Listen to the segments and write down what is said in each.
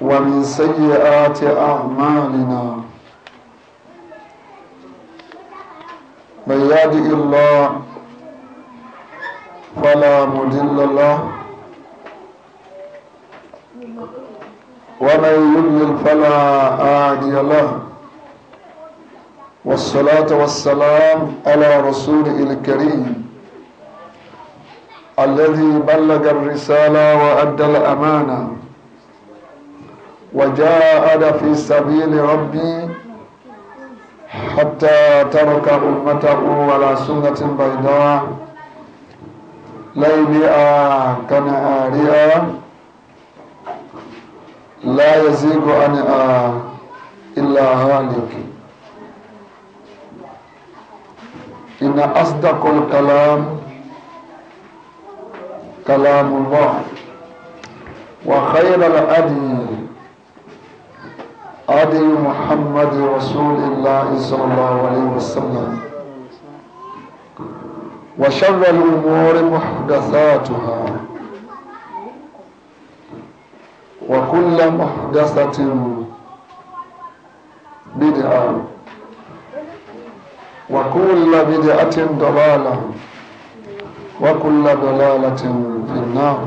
ومن سيئات أعمالنا من يهده الله فلا مضل له ومن يضلل فلا هادي له والصلاة والسلام على رسول الكريم الذي بلغ الرسالة وأدى الأمانة وجاهد في سبيل ربي حتى ترك أمته على سنة بيضاء ليلها كنهارها لا يزيغ عنها إلا هالك إن أصدق الكلام كلام الله وخير الأدب هدي محمد رسول الله صلى الله عليه وسلم وشر الأمور محدثاتها وكل محدثة بدعة وكل بدعة ضلالة وكل ضلالة في النار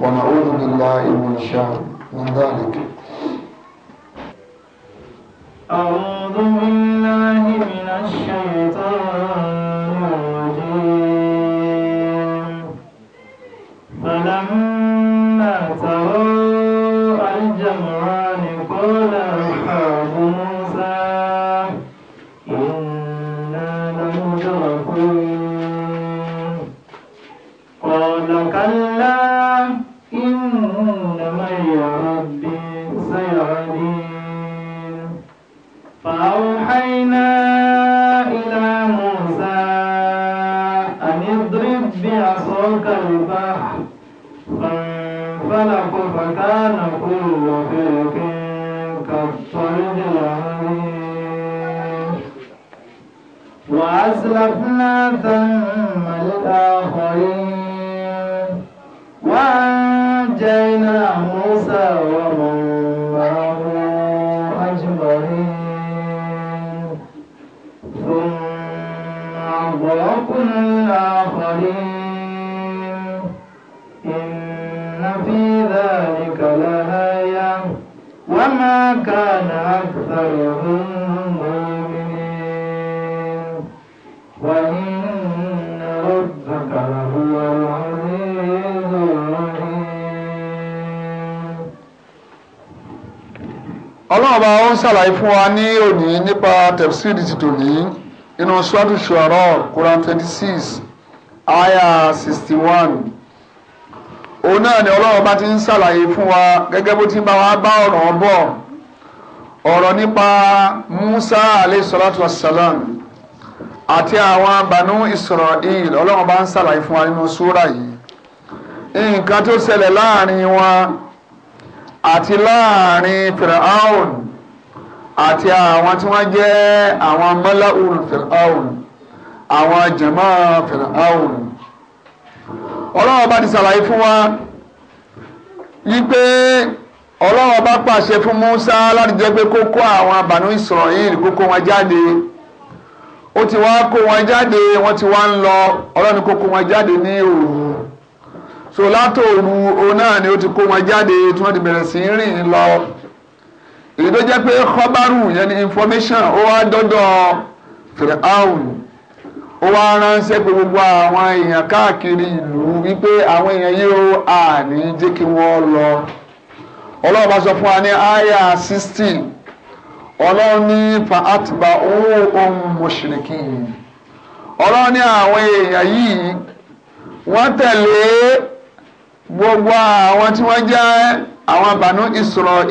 ونعوذ بالله من شر من ذلك ọlọ́run bá ó ń ṣàlàyé fún wa ní òní nípa tafsiri ti tòní inú ṣúwádùú ṣùárọ̀ Quran twenty six aya sixty one òun náà ni ọlọ́run bá ti ń ṣàlàyé fún wa gẹ́gẹ́ bó ti bá wa bá ọ̀rọ̀ bọ̀ ọ̀rọ̀ nípa Musa alayhi salatu àti àwọn Banu Israel ọlọ́run bá ń ṣàlàyé fún wa nínú súrà yìí nǹkan tó ṣẹlẹ̀ láàrin wọn àti láàrin firaun àti àwọn tí wọ́n jẹ́ àwọn mọ́láhùn firaun àwọn jẹ̀mọ́ firaun ọlọ́run bá ti ṣàlàyé fún wa wípé ọlọ́run bá pàṣẹ fún Musa láti jẹ́ pé kó kó àwọn àbànú Israel kó kó wọn jáde ó ti wá kó wọn jáde wọ́n ti wá ń lọ ọlọ́run kó wọn jáde ní òru so látòru òun náà ni ó ti kó wọn jáde tí wọ́n ti bẹ̀rẹ̀ sí rìn lọ èyí tó jẹ́ pé kọ́bárù yẹn ni information ó wá dọ́dọ̀ fìrìhàn ó wá ránṣẹ́ pé gbogbo àwọn èèyàn káàkiri ìlú wípé àwọn èèyàn yìí ó àní jẹ́ kí wọ́n lọ ọlọ́run bá sọ fún wa ní àyà sixteen ọlọ́run ní fa àtìgbà owó ohun mọ̀ṣìrìkì ọlọ́run ní àwọn èèyàn yìí wọ́n tẹ̀lé gbogbo àwọn tí wọ́n jẹ́ àwọn àbànú Israel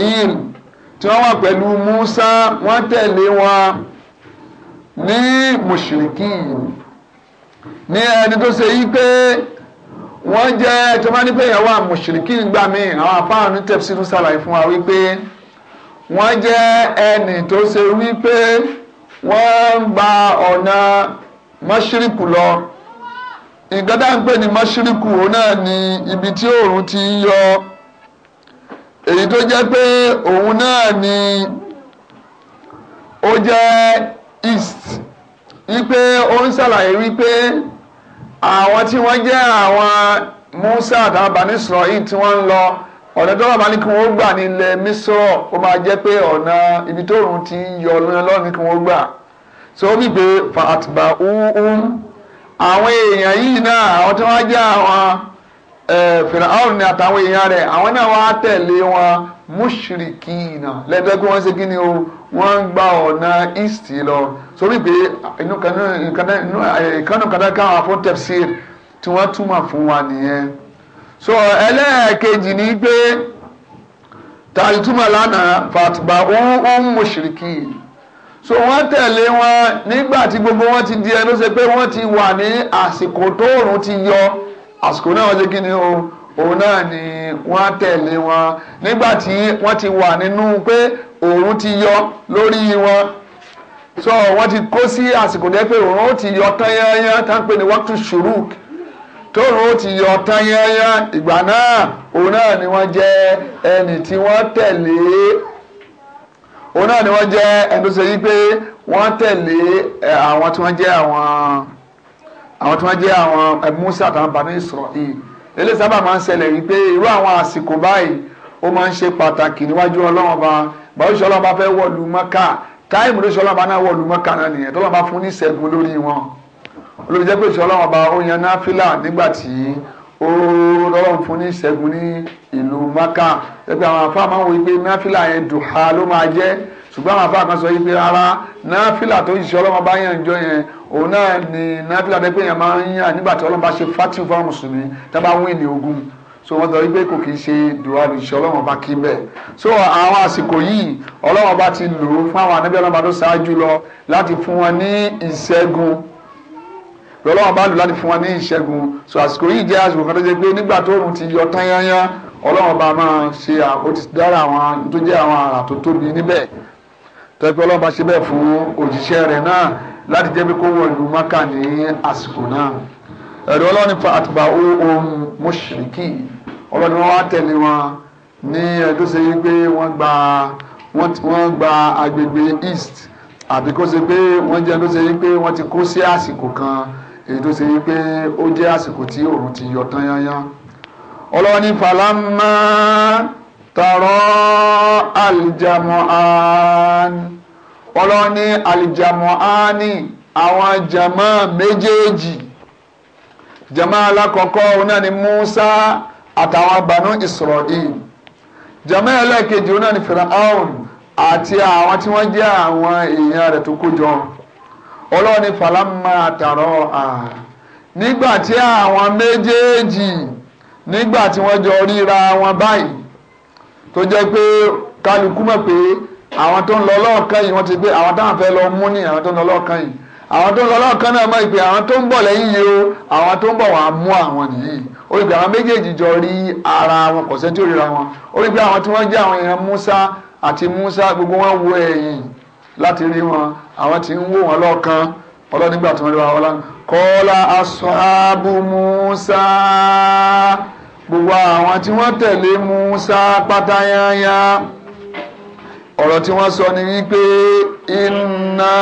tí wọ́n wà pẹ̀lú Musa wọ́n tẹ̀lé wọn ní mùṣìríkì ní ẹni tó ṣe yí pé wọ́n jẹ́ tí wọ́n bá ní pé ìyàwó àmùṣìríkì gbà mí àwọn afáàrùn ní tẹ̀síìrù ṣàlàyé fún wa wípé wọ́n jẹ́ ẹni tó ṣe wípé wọ́n ń gba ọ̀nà mọ́ṣíríkù lọ nǹkan ni à mọ́ṣíríkù náà ni ibi tí òòrùn ti ń yọ èyí tó jẹ́ pé òun náà ni ó jẹ́ east wípé ó ń ṣàlàyé wípé àwọn tí wọ́n jẹ́ àwọn Musa àtàwọn Bani Israel tí wọ́n ń lọ ọ̀nà tó wà máa ní kí wọ́n gbà ní ilẹ̀ ó máa jẹ́ pé ọ̀nà ibi tóòrùn ti ń yọ lọ́nà lọ́nà ní kí wọ́n gbà so ó bí pé fa àwọn èèyàn yìí náà àwọn tí wọ́n jẹ́ àwọn fìràhùn ni àtàwọn èèyàn rẹ̀ àwọn náà wọ́n á tẹ̀lé wọn mùṣìrìkì náà lẹ́gbẹ́ pé wọ́n ṣe kí ni o wọ́n ń gba ọ̀nà east lọ sórí pé inú kanu kan náà káwọn afọ́ tafsir tí wọ́n túmọ̀ fún wa nìyẹn so ẹlẹ́ẹ̀kejì ni pé tàbí túmọ̀ lánàá fàtìgbà ó ń mùṣìrìkì yìí so wọ́n tẹ̀lé wọn nígbà tí gbogbo wọn ti di ẹnu ṣe pé wọ́n ti wà ní àsìkò tóòrùn ti yọ àsìkò náà wọ́n ṣe kí ni o òun náà ni wọ́n tẹ̀lé wọn nígbà tí wọ́n ti wà nínú pé òòrùn ti yọ lórí wọn so wọ́n ti kó sí àsìkò dẹ́ pé òòrùn ó ti yọ tán tán pé ni wọ́n tún ṣùrù tóòrùn ó ti yọ tán yányán ìgbà náà òun náà ni wọ́n jẹ́ ẹni tí wọ́n tẹ̀lé òun náà ni wọ́n jẹ́ ẹni tó ṣe yí pé wọ́n tẹ̀lé àwọn tí wọ́n jẹ́ àwọn àwọn tí wọ́n jẹ́ àwọn Musa àtàwọn Bani Israel eléyìí sábà máa ń ṣẹlẹ̀ wípé irú àwọn àsìkò báyìí ó máa ń ṣe pàtàkì níwájú Ọlọ́run ọba báwo ṣe Ọlọ́run bá fẹ́ wọ̀lú Mọ́kà táìmù ló ṣe bá náà wọ̀lú Mọ́kà náà nìyẹn tó Ọlọ́run bá fún ní ìṣẹ́gun lórí wọn olórí jẹ́ pé ó yan náfìlà nígbà tí ó lọ́lọ́run fún ní ìṣẹ́gun ní ìlú maka ẹgbẹ́ àwọn afá máa ń wọ pé náfìlà yẹn dùhà ló máa jẹ́ ṣùgbọ́n àwọn afá kan sọ pé rárá náfìlà tó ṣiṣẹ́ ọlọ́run bá yàn jọ yẹn òun náà ni náfìlà tó pé yẹn máa ń yàn nígbà tí ọlọ́run bá ṣe fátìwù fáwọn mùsùlùmí tá bá wí ní ogun so wọ́n sọ wípé kò kì í ṣe dùhà ló ṣiṣẹ́ ọlọ́run bá kí bẹ́ẹ̀ so àwọn àsìkò yìí ọlọ́run bá ti lò ó fún àwọn anábíyàn ọlọ́run bá tó ṣáájú lọ láti fún wọn ní ìṣẹ́gun lọ́lọ́run bá lò láti fún wa ní ìṣẹ́gun so àsìkò yìí jẹ́ àsìkò kan tó jẹ́ pé nígbà tóòrùn ti yọ tán yányá ọlọ́run bá máa ṣe ó ti dára àwọn tó jẹ́ àwọn àrà tó tóbi níbẹ̀ tẹ́pẹ́ ọlọ́run bá ṣe bẹ́ẹ̀ fún òjíṣẹ́ rẹ̀ náà láti jẹ́ pé kó wọ ìlú maka ní àsìkò náà ẹ̀rọ ọlọ́run fa àtìgbà ohun mọ́ṣíríkì ọlọ́run wá tẹ̀lé wọn ní ẹ̀dọ́ ṣe wípé wọ́n wọ́n gba agbègbè east àbí kó ṣe pé wọ́n jẹ́ ẹ̀dọ́ ṣe wípé wọ́n ti kó sí àsìkò kan èyí tó ṣe wípé ó jẹ́ àsìkò tí òòrùn ti yọ tán yányán ọlọ́ni falamma tọrọ aljamu'an ọlọ́ni aljamu'ani àwọn jama méjèèjì jama alákọ̀ọ́kọ́ òun náà ni Musa àtàwọn Banu Israel jama ẹlẹ́ẹ̀kejì òun náà ni Firaun àti àwọn tí wọ́n jẹ́ àwọn èèyàn rẹ̀ tó kó jọ ọlọ́ọ̀ni falama àtàrọ̀ à nígbà tí àwọn méjèèjì nígbà tí wọ́n jọ ríra wọn báyìí tó jẹ́ pé kálukú mọ̀ pé àwọn tó ń lọ lọ́ọ̀kan yìí wọ́n ti pé àwọn táwọn fẹ́ lọ mú ní àwọn tó ń lọ lọ́ọ̀kan yìí àwọn tó ń lọ lọ́ọ̀kan náà mọ̀ pé àwọn tó ń bọ̀ lẹ́yìn yìí o àwọn tó ń bọ̀ wọ́n á mú àwọn nìyí ó rí pé àwọn méjèèjì jọ rí ara wọn kọ̀sẹ́ tí ó ríra wọn ó rí pé àwọn tí wọ́n jẹ́ àwọn èèyàn Musa àti Musa gbogbo wọn wo ẹ̀yìn láti rí wọn àwọn tí ń wò wọn lọ́ọ̀kan ọlọ́run tí wọ́n rí wọn ọlọ́run kọ́lá ashabu Musa gbogbo àwọn tí wọ́n tẹ̀lé Musa pátáyáyá ọ̀rọ̀ tí wọ́n sọ ni wípé iná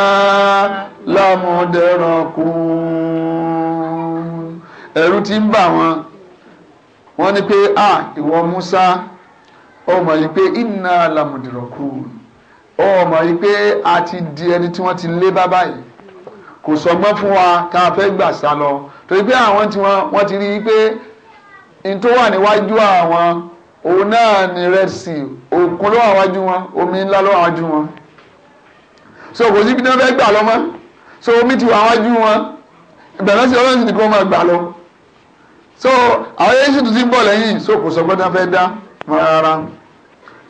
lámúdẹ́rọ̀kù ẹ̀rù ti ń bà wọ́n wọ́n ní pé ah ìwọ Musa ọmọ yìí pé iná lámúdẹ́rọ̀kù ó mọ̀ yí pé a ti di ẹni tí wọ́n ti lé bá báyìí kò sọgbọ́n fún wa tá a fẹ́ gbà sá lọ torí pé àwọn tí wọ́n ti rí i pé n tó wà níwájú àwọn òun náà ni Red Sea òkun ló wà wájú wọn omi ńlá ló wà wájú wọn so kò sí ibi tí wọ́n fẹ́ gbà lọ mọ́ so omi ti wà wájú wọn ìbẹ̀rẹ̀ sí ọlọ́run ti máa gbà lọ so àwọn yéésù tó ti ń bọ̀ lẹ́yìn so kò sọgbọ́n tí wọ́n fẹ́ dá rárá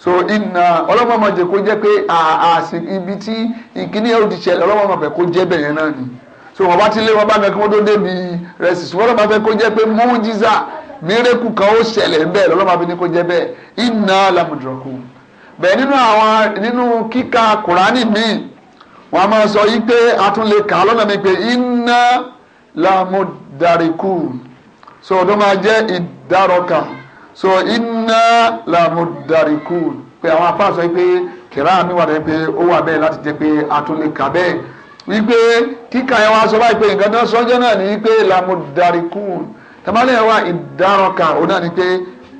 so ina ọlọ́mọ máa jẹ́ kó jẹ́ pé ààsì ibi tí ìkíní ẹ̀ ò ti ṣẹlẹ̀ ọlọ́mọ máa fẹ́ kó jẹ́ bẹ̀yẹn náà ni so wọ́n bá ti lé wọn bá mẹ́kí wọ́n tó débi rẹ̀ sì ṣùgbọ́n ọlọ́mọ fẹ́ kó jẹ́ pé mújísà mírèkù kan ó ṣẹlẹ̀ bẹ́ẹ̀ ọlọ́mọ fi ní kó jẹ́ bẹ́ẹ̀ ina làmùdùrọ̀kù bẹ́ẹ̀ nínú àwọn nínú kíka kùránì míì wọ́n máa sọ yí pé a tún lè kà á lọ́nà mi pé iná làmùdàríkù so ọdún máa jẹ́ ìdárọ̀kà so iná làmúdarikù pé àwọn afáà sọ pé kẹrà mi wà lẹ́yìn pé ó wà bẹ́ẹ̀ láti jẹ́ pé a tún lè kà bẹ́ẹ̀ wípé kíkà yẹn wá sọ báyìí pé nǹkan tán sọ́jọ́ náà ni wípé làmúdarikù tàbálẹ̀ wà ìdárọ̀kà ó náà ni pé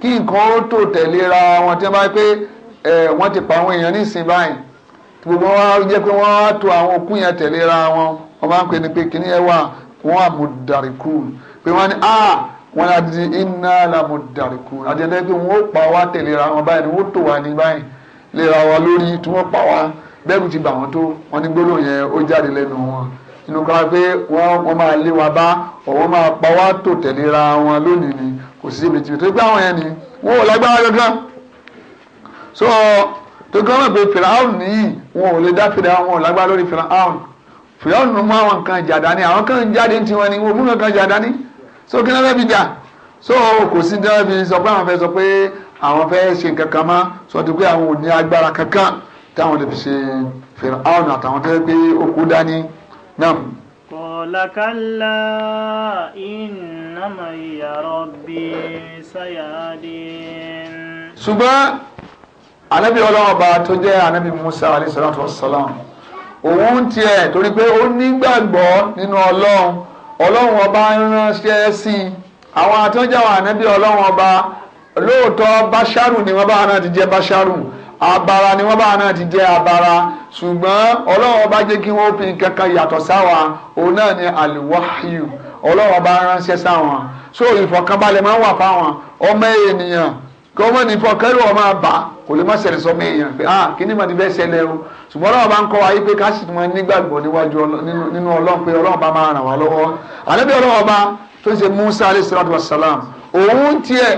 kí nǹkan ó tò tẹ̀léra wọn tí wọ́n bá pé wọ́n ti pa àwọn èèyàn nísìnyí báyìí gbogbo wọn jẹ́ pé wọ́n á to àwọn òkú yẹn tẹ̀léra wọn wọ́n máa ń pè ní pé kíní yẹn wà wọ́n àmúdarikù pé wọ́n ní ah, wọn á di iná làmú dàríkù àjẹjẹ pé wọn ó pa wá tẹ̀léra wọn báyìí wọn ó tò wá ní báyìí léra wa lórí tí wọn pa wá bẹ́ẹ̀rù ti bà wọ́n tó wọn ní gbólóhùn yẹn ó jáde lẹ́nu wọn inú kan pé wọ́n máa lé wa bá ọ̀wọ́n máa pa wá tò tẹ̀léra wọn lónìí ni kò sí ibi tí tó gbá wọn yẹn ni wọn ò lágbára gangan so tó gbọ́n mọ̀ pé fìràhùn nìyí wọn ò lè dá fìràhùn wọn ò lágbára lórí fìràhùn fìràhùn mú àwọn ni wọn ò mú kankan jà so kí náà fẹ́ fi jà so kò sí ní wọ́n fi sọ pé àwọn fẹ́ sọ pé àwọn fẹ́ ṣe nǹkan kan mọ́ sọ ti pé àwọn ò ní agbára kankan táwọn lè fi ṣe fèrè àwọn àtàwọn tẹ́lẹ̀ pé ó kú dání náà. قال كلا إنما هي ربي سيهدين ṣùgbọ́n anabi ọlọ́wọ́ bá tó jẹ́ anabi musa alayhi salatu wa salam òun tiẹ̀ torí pé ó nígbàgbọ́ nínú ọlọ́run ọlọ́run ọba ń ránṣẹ́ sí i àwọn àtọ́jáwọ̀ ànábì ọlọ́run ọba lóòótọ́ báṣárù ni wọ́n bá náà ti jẹ́ báṣárù abara ni wọ́n bá náà ti jẹ́ abara ṣùgbọ́n ọlọ́run ọba jẹ́ kí wọ́n fi kankan yàtọ̀ sáwa òun náà ni àlùwáhíù ọlọ́run ọba ránṣẹ́ sáwọn so ìfọ̀kànbalẹ̀ máa ń wà fáwọn ọmọ ènìyàn kọ́mọ́ ní fọ́ kẹ́rù ọmọ àbá kò lè má ṣẹlẹ̀ sọmọ èèyàn pé ah kí ni màdí bẹ́ẹ̀ ṣẹlẹ̀ o ṣùgbọ́n ọlọ́run bá ń kọ́ wa yí pé ká sì máa nígbàgbọ́ níwájú nínú ọlọ́run pé ọlọ́run bá máa ràn wá lọ́wọ́ àdébí ọlọ́run bá tó ń ṣe Musa alayhi salatu wa salam òun tiẹ̀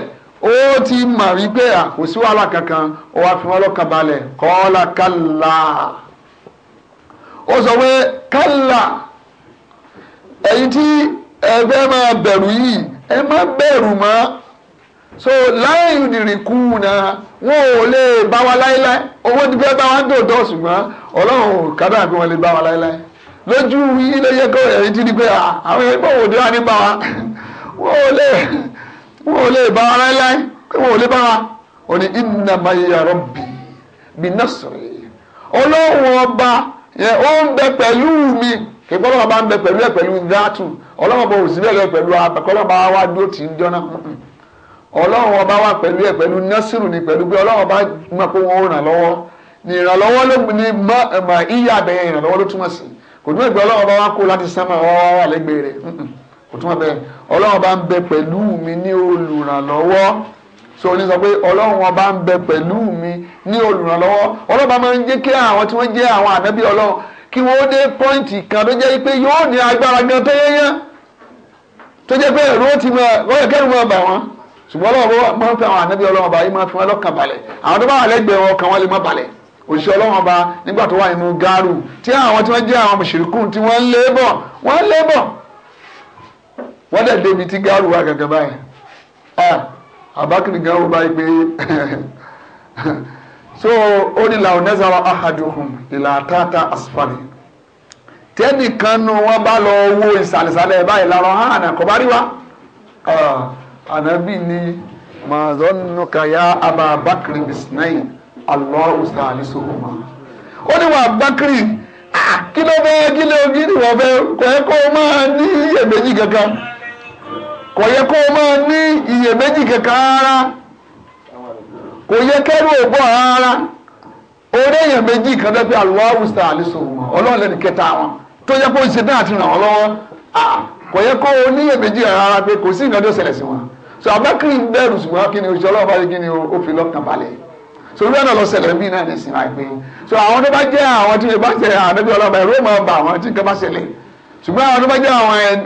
ó ti mà rí pé à ah, kò sí wàhálà kankan ó wá fi wọn lọ́kàn balẹ̀ kọ́ọ́lá kálá ó sọ pé kálá ẹ̀yin tí ẹ máa bẹ̀rù yìí ẹ má bẹ̀rù mọ́ so láyé ìdìrínkù náà wọn ò lè bá wa láéláé owó ti fẹ́ bá wa ń dòdò ṣùgbọ́n ọlọ́run kádà bí wọ́n lè bá wa láéláé lójú ilé yẹ kó ẹ̀yìn ti di pé ah, àwọn ẹgbẹ́ òde wa ní bá wa wọn ò lè wọn ò lè bá wa láéláé pé wọn ò lè bá wa ò ní ìnàmà yàrá bì bí nọ́ọ̀sì ọlọ́run ọba yẹn ó ń bẹ pẹ̀lú mi kìkọ́ ọlọ́run ọba ń bẹ pẹ̀lú ẹ̀ pẹ̀lú dátù ọlọ́run ọba ò sí bẹ́ẹ̀ ọlọ́run ọba wà pẹ̀lú ẹ̀ pẹ̀lú násìrù ni pẹ̀lú pé ọlọ́run ọba mọ̀ pé wọ́n ràn lọ́wọ́ ní ìrànlọ́wọ́ ló ní mọ̀ iyá abẹ́yẹ ìrànlọ́wọ́ ló túmọ̀ sí kò tún ìgbẹ́ ọlọ́run ọba wá kó láti sánmà wá wá wà lẹ́gbẹ̀ẹ́ rẹ̀ kò túmọ̀ bẹ́ẹ̀ ọlọ́run ọba ń bẹ pẹ̀lú mi ní olùrànlọ́wọ́ so ní sọ pé ọlọ́run ọba ń bẹ pẹ̀lú mi ní olùrànlọ́wọ́ ọlọ́ba máa ń jẹ́ kí àwọn tí wọ́n jẹ́ àwọn ànábì ọlọ́run kí wọ́n dé pọ́ìntì kan tó jẹ́ pé yóò ní agbára gan tó yẹ́yẹ́ tó jẹ́ pé èrò ti mọ̀ ọ́ ṣùgbọ́n ọlọ́run máa ń fẹ́ àwọn ànábì ọlọ́run ọba yìí máa fi wọn lọ́kàn balẹ̀ àwọn tó bá wà lẹ́gbẹ̀ẹ́ wọn kan wọn lè má balẹ̀ òṣìṣẹ́ ọlọ́run ọba nígbà tó wà nínú gáàrù tí àwọn tí wọ́n jẹ́ àwọn mùṣìríkùn tí wọ́n ń lé bọ̀ wọ́n ń lé bọ̀ wọ́n dẹ̀ débi tí gáàrù wà gàgà báyìí àbákìrì gáàrù báyìí pé so ó ní làwọn nẹ́sàrọ̀ ahaduhum ìlà àtàtà asfari tẹ́nìkan nu wọ́n bá lọ wo ìsàlẹ̀sàlẹ̀ báyìí làwọn hàn àkọ́bárí wa ànábì ni màdánukaya ababakiri bisinayi alọ́ọ̀hún sàlẹ̀ sọ́kùnmá. ó ní wà bákìrì ah, kí ló bẹ́ẹ̀ kí ló kí ni wọ́n bẹ́ẹ̀ kò yẹ kó máa ní iyèméjì kankan kò yẹ kó máa ní iyèméjì kankan rárá kò yẹ kẹ́rù ògbọ́ rárá orí èèyàn méjì kan lẹ́gbẹ́ alọ́ọ̀hún sàlẹ̀ sọ́kùnmá ọlọ́run lẹ́nu kẹta wọn tó yẹ kó ṣe náà ti ràn wọ́n lọ́wọ́ ah, kò yẹ kó o rárá pé kò sí ìnáwó sí wọn so abakiri ń bẹ̀rù ṣùgbọ́n o ni oṣù ọlọ́run bá ṣe kí ni o fi lọ́kàn balẹ̀ so ìwé náà lọ ṣẹlẹ̀ bí náà nìsín àìpé so àwọn tó bá jẹ́ àwọn tí ìbá ṣe ànábì ọlọ́run ẹ̀rọ máa bà àwọn tí nǹkan bá ṣẹlẹ̀ ṣùgbọ́n àwọn tó bá jẹ́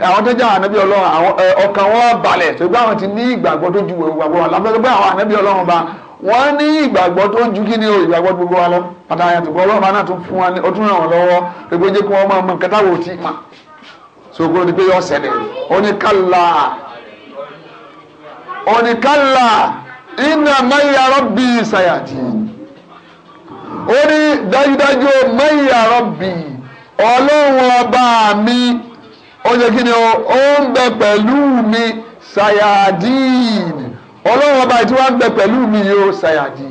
àwọn tó jẹ́ ànábì ọlọ́run ọkàn wọn balẹ̀ ṣùgbọ́n àwọn ti ní ìgbàgbọ́ tó ju ìgbàgbọ́ wọn lábẹ́ pé àwọn ànábì ọlọ́run bá wọ́n ní ìgbàgbọ́ tó ju kí ni o ìgbàgbọ́ gbogbo wa lọ pàtàkì àtùkọ́ ọlọ́run bá náà tún fún wa ní ọtún ràn wọ́n lọ́wọ́ gbogbo jẹ́ kí wọ́n máa mọ nǹkan táwọn ò tí ì mà so kúrò ní pé yọ ọ̀sẹ̀ dẹ̀ ó ní oníkálà iná mẹ́yà rọ́bì sàyàtì ó ní dájúdájú mẹ́yà rọ́bì ọlọ́run ọba mi ó jẹ́ kí ni ó ń bẹ pẹ̀lú mi sàyàdì ọlọ́run ọba tí wọ́n ń bẹ pẹ̀lú mi yóò sàyàdì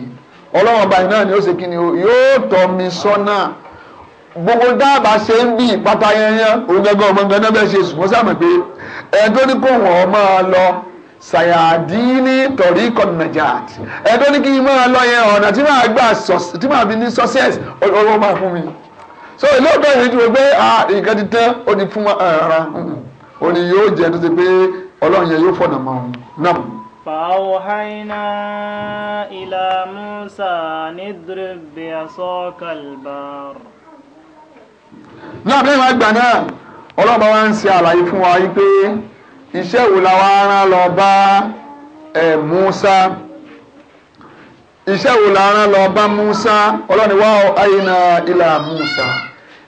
ọlọ́run ọba yìí náà ni ó ṣe kí ni yóò tọ́ mi sọ́nà gbogbo dáàbà ṣe ń bí ìpátá yẹn yẹn òun gẹ́gẹ́ ọmọ gẹ́gẹ́ bẹ́ẹ̀ ṣe sùn wọ́n sàmì pé ẹ̀ẹ́dọ́ni kò wọ́n máa lọ sàyàdínní tọ̀rí kọ̀nàjàt ẹ̀dọ́ ní kí n máa lọ yẹn ọ̀nà tí màá gbà tí màá fi ní success ọlọ́wọ́ máa fún mi so lóòótọ́ yìí ti wò pé nǹkan ti tán ó ti fún ara ó ní yóò jẹ́ tó ti pé ọlọ́run yẹn yóò fọ̀nà mọ́ òun náà. فأوحينا إلى موسى أن اضرب بعصاك البار náà bí wọ́n gbà náà ọlọ́run bá ń ṣe àlàyé fún wa yìí pé iṣẹ́ wo la wá rán lọ bá ẹ̀ Musa iṣẹ́ wo la rán lọ bá Musa ọlọ́ni wá ayéna ilà Musa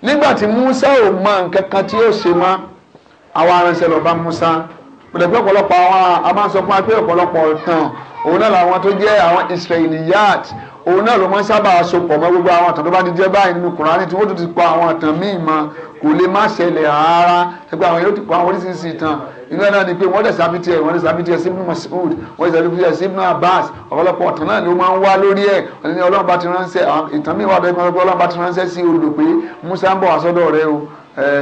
nígbà tí Musa ò mọ nǹkan kan tí ó ṣe mọ́ àwọn aránṣẹ́ lọ bá Musa pẹ̀lẹ́pẹ́ ọ̀pọ̀lọpọ̀ àwọn amáṣọ fún wa pé ọ̀pọ̀lọpọ̀ ọ̀tàn òun náà làwọn tó jẹ́ àwọn Israeliyat òun náà ló máa ń sábà sopọ̀ mọ́ gbogbo àwọn àtàn tó bá ti jẹ́ báyìí nínú kùránì tí wọ́n ti pa àwọn àtàn míì mọ́ kò lè má ṣẹlẹ̀ rárá ẹgbẹ́ àwọn yóò ti pa àwọn oríṣiríṣi ìtàn inú ẹ̀ náà ni pé wọ́n dẹ̀ sábìtì ẹ̀ wọ́n dẹ̀ sábìtì ẹ̀ sí ibùdó Mas'ud wọ́n dẹ̀ sábìtì ẹ̀ sí ibùdó Abbas ọ̀pọ̀lọpọ̀ ọ̀tàn náà ló máa ń wá lórí ẹ̀ ní Ọlọ́run bá ti ránṣẹ́ ìtàn mi wà bẹ́ẹ̀ kan pé Ọlọ́run bá ti ránṣẹ́ sí odò pé Musa ń bọ̀ wá sọ́dọ̀ rẹ o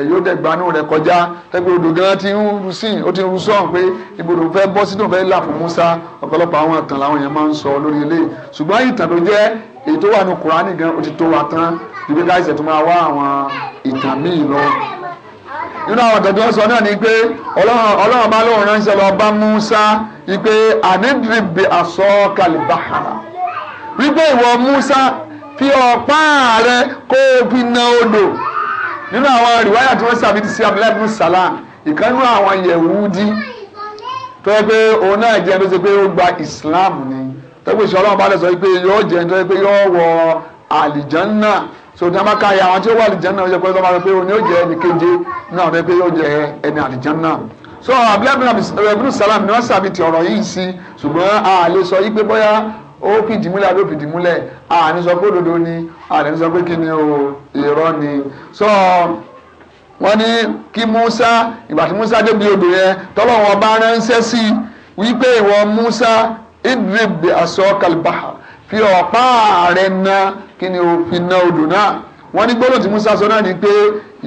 yóò dẹ̀ gbanú rẹ kọjá ẹgbẹ́ odò gan ti ń ru sí ó ti ń ru sọ́ọ̀n pé ibodò fẹ́ bọ́ sínú fẹ́ là fún Musa ọ̀pọ̀lọpọ̀ àwọn ìtàn làwọn èèyàn máa ń sọ lórí eléyìí ṣùgbọ́n ìtàn tó jẹ́ èyí tó wà ní Kùránì gan ó ti tó wa tán ibi káyọ̀sẹ̀ tó máa wá àwọn ìtàn míì lọ nínú àwọn ọ̀dọ́ tó ń sọ náà ni pé ọlọ́run bá lóun ránṣẹ́ lọ bá Musa wípé àníbìbì àsọ kalibahara wípé ìwọ Musa fi ọ̀pá rẹ kó o fi na odò nínú àwọn rìwáyà tí wọ́n sàbí ti sí Abdullahi bin Salam ìkànnú àwọn Yẹ̀wúdí tó yẹ pé òun náà jẹ́ tó ṣe pé ó gba Islam ni tó yẹ pé ìṣọ́ ọlọ́run bá lọ sọ pé yóò jẹ́ tó yẹ pé yóò wọ àlìjánná náà so tí a bá ká ya àwọn tí ó wà àlìjánná ó jẹ pé ọba rẹ pé òní ó jẹ ẹni keje ní àwọn pé yóò jẹ ẹni àlìjánná so abdulayi bin eh, salam ni wọn sàbí ti ọ̀rọ̀ yìí sí ṣùgbọ́n a lè sọ yí pé bóyá ó fìdí múlẹ̀ àbí ó fìdí múlẹ̀ àní sọ pé òdodo ni àní sọ pé kí ni o irọ́ ni so wọ́n ní kí Musa ìgbà tí Musa débi odò yẹn tọ́lọ́ wọn bá ránṣẹ́ sí i wípé ìwọ Musa idrib asọ́ kalbaha fi ọ̀pá rẹ̀ náà kí ni o fi ná odò náà wọ́n ní gbọ́dọ̀ tí Musa sọ náà ni pé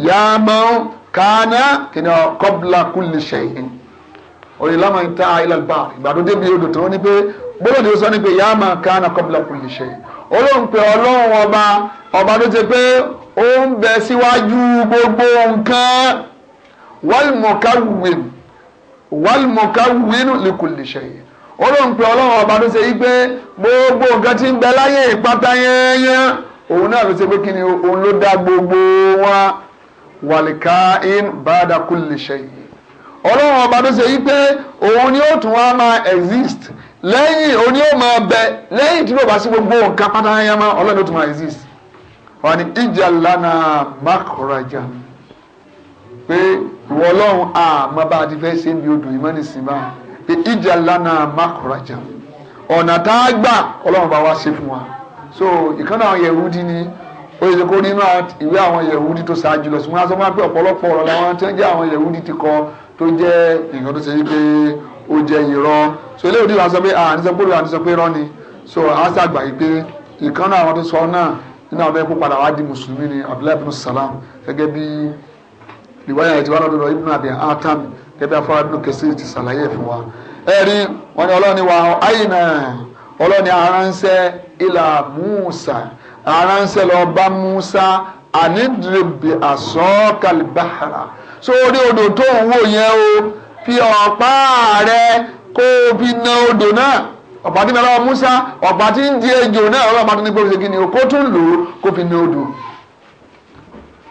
yàá máa ń kàánà kí ni qabla kulli shay'in òye lámà ń ta ilàlùbá ìgbàdo débi odò tó ní pé gbọ́dọ̀ tí ó sọ ní pé yàá máa kàánà qabla kulli shay'in olóhùn pé ọlọ́run ọba ọba tó ṣe pé ó ń bẹ síwájú gbogbo nǹkan wàlmọ̀ká wùwìn wàlmọ̀ká wùwìn li kulli shay'in ọlọ́run pé ọlọ́run ọba ló pé gbogbo nǹkan ti ń bẹ láyé ìpátá yẹ́nyẹ́ òun náà ló ṣe pé kí ni òun ló dá gbogbo wọn wàlíkà in bàdà kulli shay ọlọ́run ọba ló ṣe yí pé òun ni ó tún wá máa exist lẹ́yìn ni ó máa bẹ lẹ́yìn tí gbogbo nǹkan pátá mọ́ ọlọ́run ló tún máa exist ní ìjà lánà pé ìwọ a ti fẹ́ ṣe odò pé ìjà lánà mákùrájà ọ̀nà tá a gbà ọlọ́run bá wá ṣe fún wa so ìkànnì àwọn yẹ̀wúdí ni ó yẹ kó nínú ìwé àwọn yẹ̀wúdí tó ṣáájú lọ sí wọn aṣọ máa pé ọ̀pọ̀lọpọ̀ ọ̀rọ̀ làwọn tí wọ́n jẹ́ àwọn yẹ̀wúdí ti kọ tó jẹ́ nǹkan tó ṣe yí pé ó jẹ́ irọ́ so eléyìí òdi wa sọ pé àní sọ pé àní pé irọ́ ni so a ṣàgbà yìí pé ìkànnì àwọn tó sọ náà nínú àwọn ẹ̀kọ́ padà wá di mùsùlùmí ni Abdullahi ibn Salam gẹ́gẹ́ bí ìwáyà ìtiwárọ̀ lọ́dọ̀ ibn Abi gẹ́gẹ́ afárá nínú kẹsí ti ṣàlàyé fún wa. ẹ rí wọn ni ọlọ́ni wa àyìnà ọlọ́ni aránṣẹ́ ilà Musa aránṣẹ́ lọ bá Musa ànídìrìbì àsọ́kàlìbáhàrà sórí odò tó ń wò yẹn o fi ọ̀pá rẹ kó o fi na odò náà ọ̀pá tí mẹ́lá Musa ọ̀pá tí ń di ejò náà ọlọ́run bá tún ní gbòòrò ṣègìní o kó tún lò ó kó fi na odò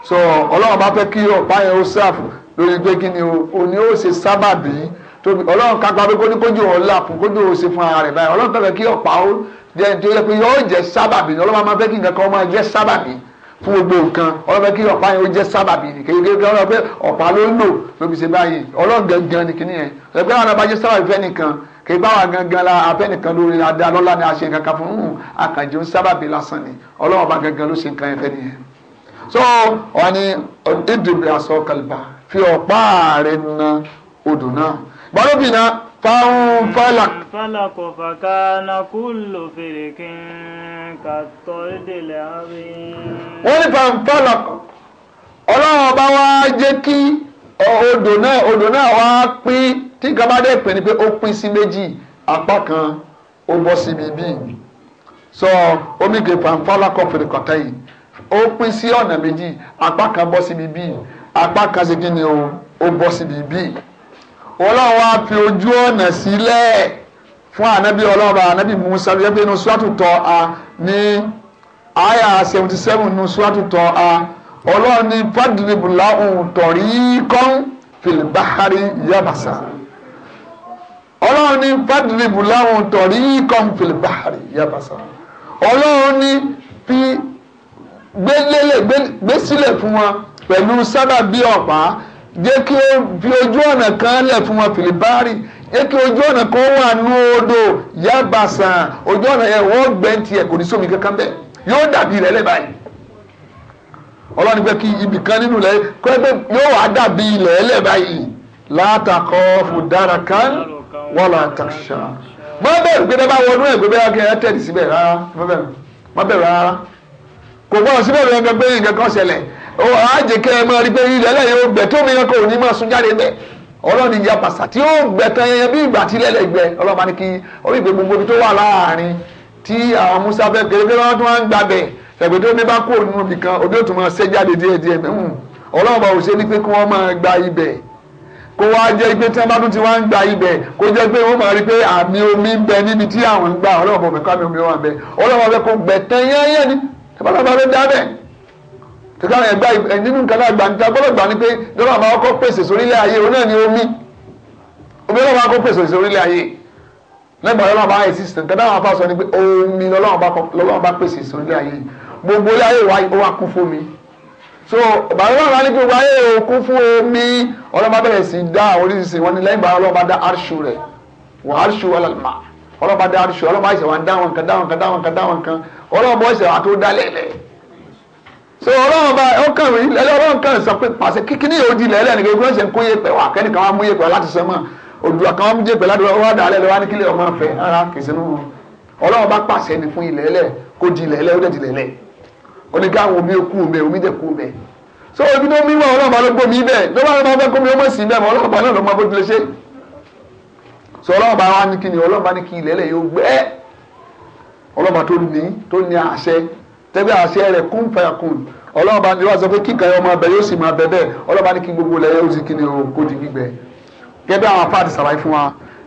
so ọlọ́run bá fẹ́ kí ọ̀pá yẹn ó sáàfù lórí pé kí ni o ní ó ṣe sábàbí tóbi ọlọ́run kápá pé kóní kójú òun làpọ̀ kójú òun ṣe fún ara rẹ̀ báyìí ọlọ́run kẹfẹ́ kí ọ̀pá ó jẹ́ tó yẹ pé yóò jẹ́ sábàbí ni ọlọ́run máa fẹ́ kí nǹkan kan máa jẹ́ sábàbí fún gbogbo nǹkan ọlọ́run fẹ́ kí ọ̀pá yẹn ó jẹ́ sábàbí ni kékeré ọlọ́run pé ọ̀pá ló lò lóbi ṣe báyìí ọlọ́run gangan ni kíní yẹn ẹgbẹ́ ìbáwa gangan la afẹnikan lórí adé alọ́lá ni a ṣe nǹkan kan fún un hmm, akànjọ sábàbí lásán ni ọlọ́wọ́n bá gangan ló ṣe nǹkan yẹn nìyẹn so wọ́n ní ìdùnnú aṣọ kalba fi ọ̀pá rẹ̀ na odò náà gbọ́dọ̀ fi náà fanfala. fanfala kò fàkà na kúlò fèrèkín ka tọ́ ìdèlè àbí. wọ́n ní fanfala ọlọ́run ọba wa jẹ́ kí odò náà odò náà wá pín tí nǹkan bá dé pè ní pé ó pín sí méjì apá kan ó bọ́ síbi bíi sọ omi gè fanfala kọ fèrèkọ̀tà yìí ó pín sí ọ̀nà méjì apá kan bọ́ síbi bíi apá kan ṣe kí ni o ó bọ́ síbi bíi ọlọ́run wá fi ojú ọ̀nà sílẹ̀ fún ànábì ọlọ́run ànábì Musa bí ẹgbẹ́ inú suwátù tọ́ a ní àyà seventy seven inú suwátù tọ́ a ọlọ́run ní fadribula ohun tọ̀rí kọ́n filibahari yabasa ọlọ́run ní fadribula ohun tọ̀rí kọ́n filibahari yabasa ọlọ́run ní fi gbé sílẹ̀ fún wọn pẹ̀lú sábàbí ọ̀pá jẹ́ kí ó fi ojú ọ̀nà kan lẹ̀ fún wọn fìlíbárì jẹ́ kí ojú ọ̀nà kan wà ní odò yábàṣàn ojú ọ̀nà yẹn wọ́n gbẹ́ntì ẹ̀ kò ní sómi kankan bẹ́ẹ̀ yóò dàbí rẹ̀ lẹ́ báyìí ọlọ́ni pé kí ibìkan nínú rẹ̀ kọ́ pé yóò wá dàbí ilẹ̀ lẹ́ báyìí látàkọ́ fùdára kan wọ́n là tàṣà má bẹ̀rù pé dábàá wọnú ẹ̀ gbẹ́bẹ́ akẹ́ ẹ àjẹ kẹ ẹ máa rí pé ilẹ̀ lẹ́yìn ó gbẹ tó mi yàn kó ní máa sun jáde bẹ́ẹ̀ ọlọ́run ìjà pàṣà tí ó gbẹ tán yẹn bí ìgbà tí lẹ́lẹ̀ gbẹ ọlọ́run bá ní kí orí ìgbẹ́ gbogbo ibi tó wà láàárín tí àwọn musa fẹ́ kéré wọn tó máa ń gbàbẹ̀ ẹ̀gbẹ́ tó mi bá kó nínú ibìkan omi ó tún máa ṣẹ́ jáde díẹ̀díẹ̀ hmm. ọlọ́run bá ò ṣe ní pé kí wọ́n máa gba ibẹ̀ kó wá jẹ́ pé tí wọ́n bá tún ti wá ń gba ibẹ̀ kó jẹ́ pé wọ́n máa rí pé àmì omi ń bẹ níbi tí àwọn ń gbà ọlọ́run bọ̀ mẹ́kọ́ àmì omi wà ń bẹ ọlọ́run kó gbẹ tán yẹ́yẹ́ ni tàbátàbá ló dá bẹ́ẹ̀ tẹ̀sí àwọn ẹ̀gbá nínú nǹkan náà gbàǹtà gbọ́dọ̀ gbà ní pé dọ́là máa kọ́ pèsè sórílẹ̀ ayé òun náà ni omi omi náà máa kọ́ pèsè sórílẹ̀ ayé lẹ́gbàá lọ́wọ́ bá exist nǹkan náà wọ́n bá sọ ni pé omi lọ́wọ́ bá pèsè sórílẹ̀ ayé gbogbo ilé ayé wa wà kún fún mi so bàbá wa ní gbogbo ayé o kún fún omi ọlọ́mọ bẹ̀rẹ̀ sí dá oríṣiríṣi wọn ni lẹ́yìn bàbá ọlọ́mọ dá arṣu rẹ̀ wọ́n arṣu ọlọ́mọ ọlọ́mọ dá arṣu ọlọ́mọ àìsàn wa dáwọn kan dáwọn kan dáwọn kan dáwọn kan ọlọ́mọ ọ̀sẹ̀ wa tó dá lẹ́lẹ́ẹ̀ so ọlọ́run bá ọkàn rí ọlọ́run kan sọ pé pàṣẹ kíkíní yóò di lẹ́lẹ́ ní gbogbo ẹ̀sẹ̀ ń kó yẹpẹ̀ wà kẹ́nìkan wá mú yẹpẹ̀ láti sẹ́mọ̀ òdùwà kan wá mú yẹpẹ̀ láti wá dà lẹ́lẹ́ wá ní kílẹ̀ ọmọ fẹ́ ara kìsì nù ọlọ́run bá pàṣẹ ni fún ilẹ̀ ẹlẹ́ kó di ilẹ̀ ẹlẹ́ ó dẹ̀ di ilẹ̀ ẹlẹ́ ó ní káwọn omi kú bẹ́ẹ̀ omi dẹ̀ kú bẹ́ẹ̀ so ibi tó mi wà ọlọ́run bá ló gbómi bẹ́ẹ̀ tó bá lọ́ọ́ fẹ́ kó mi ó mọ̀ sí bẹ́ẹ̀ mọ́ ọlọ́run bá náà ló mọ bó tilẹ̀ ṣe so ọlọ́run bá wá ní kí ni ọlọ́run bá ní kí ilẹ̀ ẹlẹ́ yóò gbẹ́ ọlọ́run bá tó ní tó ní àṣẹ tẹ́bí àṣẹ rẹ̀ kún fayakun ọlọ́run bá ní wá sọ pé kíkà yẹn ọmọ abẹ́rẹ́ yóò sì máa bẹ bẹ́ẹ̀ ọlọ́run ní kí gbogbo ilẹ̀ yóò sì kí ni o kó di gbígbẹ. gẹ́gẹ́ bí àwọn apá àti sàlàyé fún wa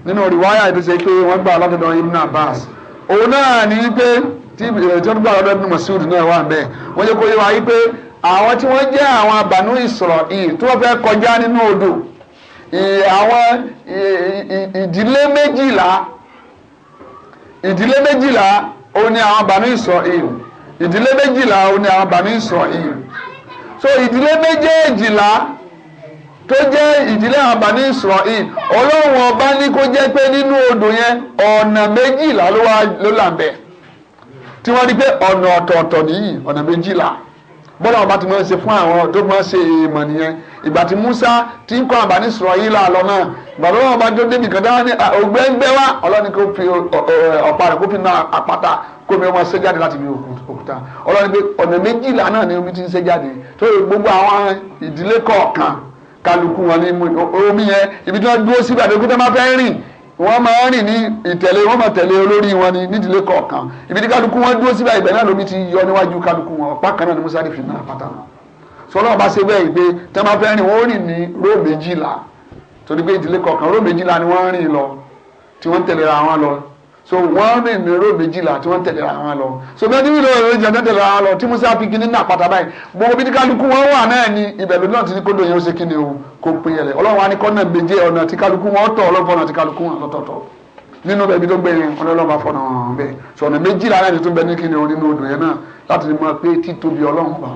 nínú rìwáyà ètò ṣe pé wọ́n gbà látọ̀dọ̀ Ibn Abbas òun náà ní pé tí ìjọba eh, gbà lọ́dọ̀ Ibn Mas'ud náà wà bẹ́ẹ̀ wọ́n jẹ́ kó yẹ wá yí pé àwọn tí wọ́n jẹ́ àwọn àbànú Isra'il tí wọ́n fẹ́ kọjá nínú odò eh, àwọn eh, ìdílé méjìlá ìdílé méjìlá òun ni àwọn àbànú Isra'il ìdílé méjìlá o ní àwọn bàmí sọ yìí so ìdílé méjèèjìlá tó jẹ́ ìdílé àwọn bàmí sọ yìí ọlọ́run ọba ní kó jẹ́ pé nínú odò yẹn ọ̀nà méjìlá ló là ń bẹ̀ tí wọ́n rí pé ọ̀nà ọ̀tọ̀ọ̀tọ̀ nìyí ọ̀nà méjìlá bọ́lá ọba ti máa ṣe fún àwọn tó máa ṣe èèmọ̀ nìyẹn ìgbà tí Musa ti ń kọ́ àbáni sọ̀rọ̀ yìí láàlọ́ náà bàbá wọn bá jó débi kan dáhùn ní ògbẹ́ ń gbẹ́ wá ọlọ́ni kò fi ọ̀pá rẹ̀ kó fi na àpáta kó mi ọmọ ṣe jáde láti fi òkúta ọlọ́ni pé ọ̀nà méjìlá náà ni omi ti ń ṣe jáde tó yẹ gbogbo àwọn ìdílé kọ̀ọ̀kan kálukú wọn ní omi yẹn ibi tí wọ́n dúró síbi àdókútẹ́ máa fẹ́ rìn wọ́n máa ń rìn ní ìtẹ̀lé wọ́n máa tẹ̀lé olórí wọn ní nídìílé kọ̀ọ̀kan ibi tí kálukú wọn dúró síbẹ̀ ibẹ̀ náà lómi ti yọ níwájú kálukú wọn ọ̀pá kan náà ni musa dìfì náà pátá wọn sọlọ́wọ́n bá ṣe bẹ́ẹ̀ gbé tí wọ́n bá fẹ́ rìn wọ́n rìn ní róò méjìlá torí pé ìdílé kọ̀ọ̀kan róò méjìlá ni wọ́n rìn lọ tí wọ́n tẹ̀lé ra wọn lọ so wọ́n rìn ní ró méjìlá tí wọ́n tẹ̀lé ra wọn lọ so bẹ́ẹ̀ níbi lóore méjìlá tí wọ́n tẹ̀lé ra lọ tí musa fi kíní náà pàtà báyìí gbogbo bí kálukú wọn wà náà ni ibẹ̀ lónìí náà ti ní kóńdó yẹn ó ṣe kíni o kó pín yẹlẹ ọlọ́run wa ní kọ́nà méje ọ̀nà tí kálukú wọn tọ̀ ọlọ́fọ̀ ọ̀nà tí kálukú wọn lọ́tọ̀ọ̀tọ̀ nínú bẹ̀ẹ́ ibi tó gbẹ̀yìn ọlọ́run bá fọ́nà so ọ̀nà méjìlá ni tó bẹ ní kíni o nínú odò yẹn náà láti ní máa pé títóbi ọlọ́run pa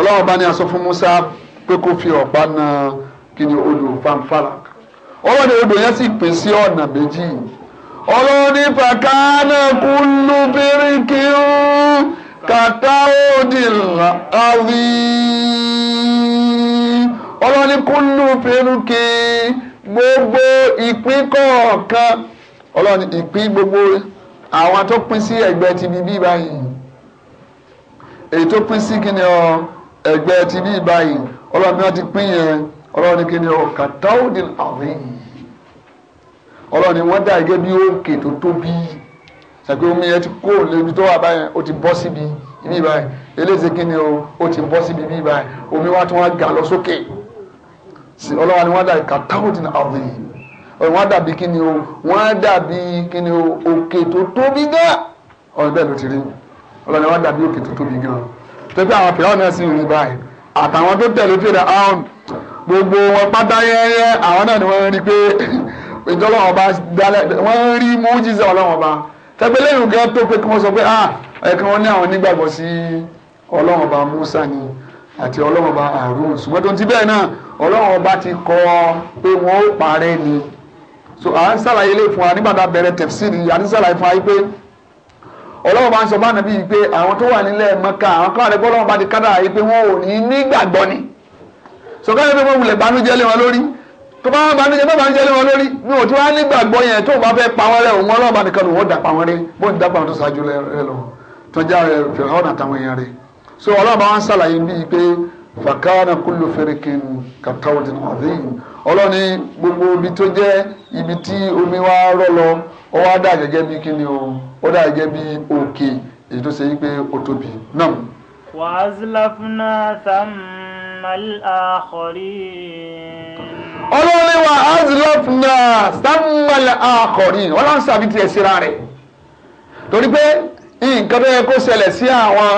ọlọ́run bá ní aṣọ na kíni odò fanfàlà ọlọ́run odò yẹn sì pín sí ọ̀nà méjì ọlọ́ni fàkánà kúlú bíríkì kàtà òdì àrí ọlọ́ni kúlú bíríkì gbogbo ìpín kọ̀ọ̀kan ọlọ́ni ìpín gbogbo àwọn tó pín sí ẹgbẹ́ ti bíbí báyìí èyí tó pín sí kí ni ọ ẹgbẹ́ ti bíbí báyìí ọlọ́ni wọn ti pín yẹn ọlọ́ni kí ni ọ kàtà òdì àrí ọlọ́ni wọ́n dà gẹ́gẹ́ bí òkè tó tóbi sàgbé omi yẹn ti kó lébi tó wà báyẹn ó ti bọ́ síbi ibi báyẹn eléyìí kí ni o ó ti bọ́ síbi ibi báyẹn omi wa tún wá ga lọ sókè ọlọ́wà ni wọ́n dà ká táwùtì àwìn wọ́n dàbí kí ni o wọ́n dàbí kí ni o òkè tó tóbi gan ọ̀rọ̀ bẹ́ẹ̀ ló ti rí ọlọ́wà ni wọ́n dàbí òkè tó tóbi gan tẹ́bí àwọn pìlọ́ọ̀nù ẹ̀ sì rí báyìí àtàwọn tó tẹ̀lé fèrè àwọn gbogbo wọn pátá yẹ́yẹ́ àwọn náà ni wọ́n rí pé ètò ọlọ́run ọba wọ́n rí mújísà ọlọ́run ọba tẹ́gbẹ́ lẹ́yìn gan tó pé kí wọ́n sọ pé ah ẹ̀kan wọn ní àwọn onígbàgbọ́ sí ọlọ́run ọba Musa ni àti ọlọ́run ọba Harun ṣùgbọ́n tó ti bẹ́ẹ̀ náà ọlọ́run ọba ti kọ pé wọ́n ó parẹ́ ni so à ń sàlàyé lè fún wa nígbà tá a bẹ̀rẹ̀ tẹ̀fsìrì à ń sàlàyé fún wa yìí pé ọlọ́run bá ń sọ báyìí bíi pé àwọn tó wà nílẹ̀ Mẹ́kà àwọn kan àdẹ́gbọ́ ọlọ́run bá ti kádà yìí pé wọ́n ò ní nígbàgbọ́ ni sọ̀kẹ́ yẹn pé wọ́n wulẹ̀ banújẹ́ lé wọn lórí tó bá wọn bá níjẹ bẹ́ẹ̀ bá ń jẹ́ lé wọn lórí mi ò tí wọ́n á nígbàgbọ́ yẹn tó bá fẹ́ pa wọn rẹ òun ọlọ́ọ̀bá nìkan ló wọ́n dà pa wọn rẹ bó ń dà pa wọn tó ṣáájú rẹ lọ tọ́já rẹ fìràwọ́n àtàwọn èèyàn rẹ so ọlọ́ọ̀bá wọn ṣàlàyé bíi pé fàkàrà kúlò fèrèkìn kàtàwọ̀dìn ọ̀dìn ọlọ́ni gbogbo ibi tó jẹ́ ibi tí omi wá rọ́ lọ ó wá dà gẹ́gẹ́ bí kíni o ó dà gẹ́gẹ́ bí òkè èyí tó ṣe ọlọ́run wa azlọ́fnà sàmàlẹ̀ àkọ́rí ọlọ́run sàbí tiẹ̀ síra rẹ̀ torí pé nǹkan tó yẹ kó ṣẹlẹ̀ sí àwọn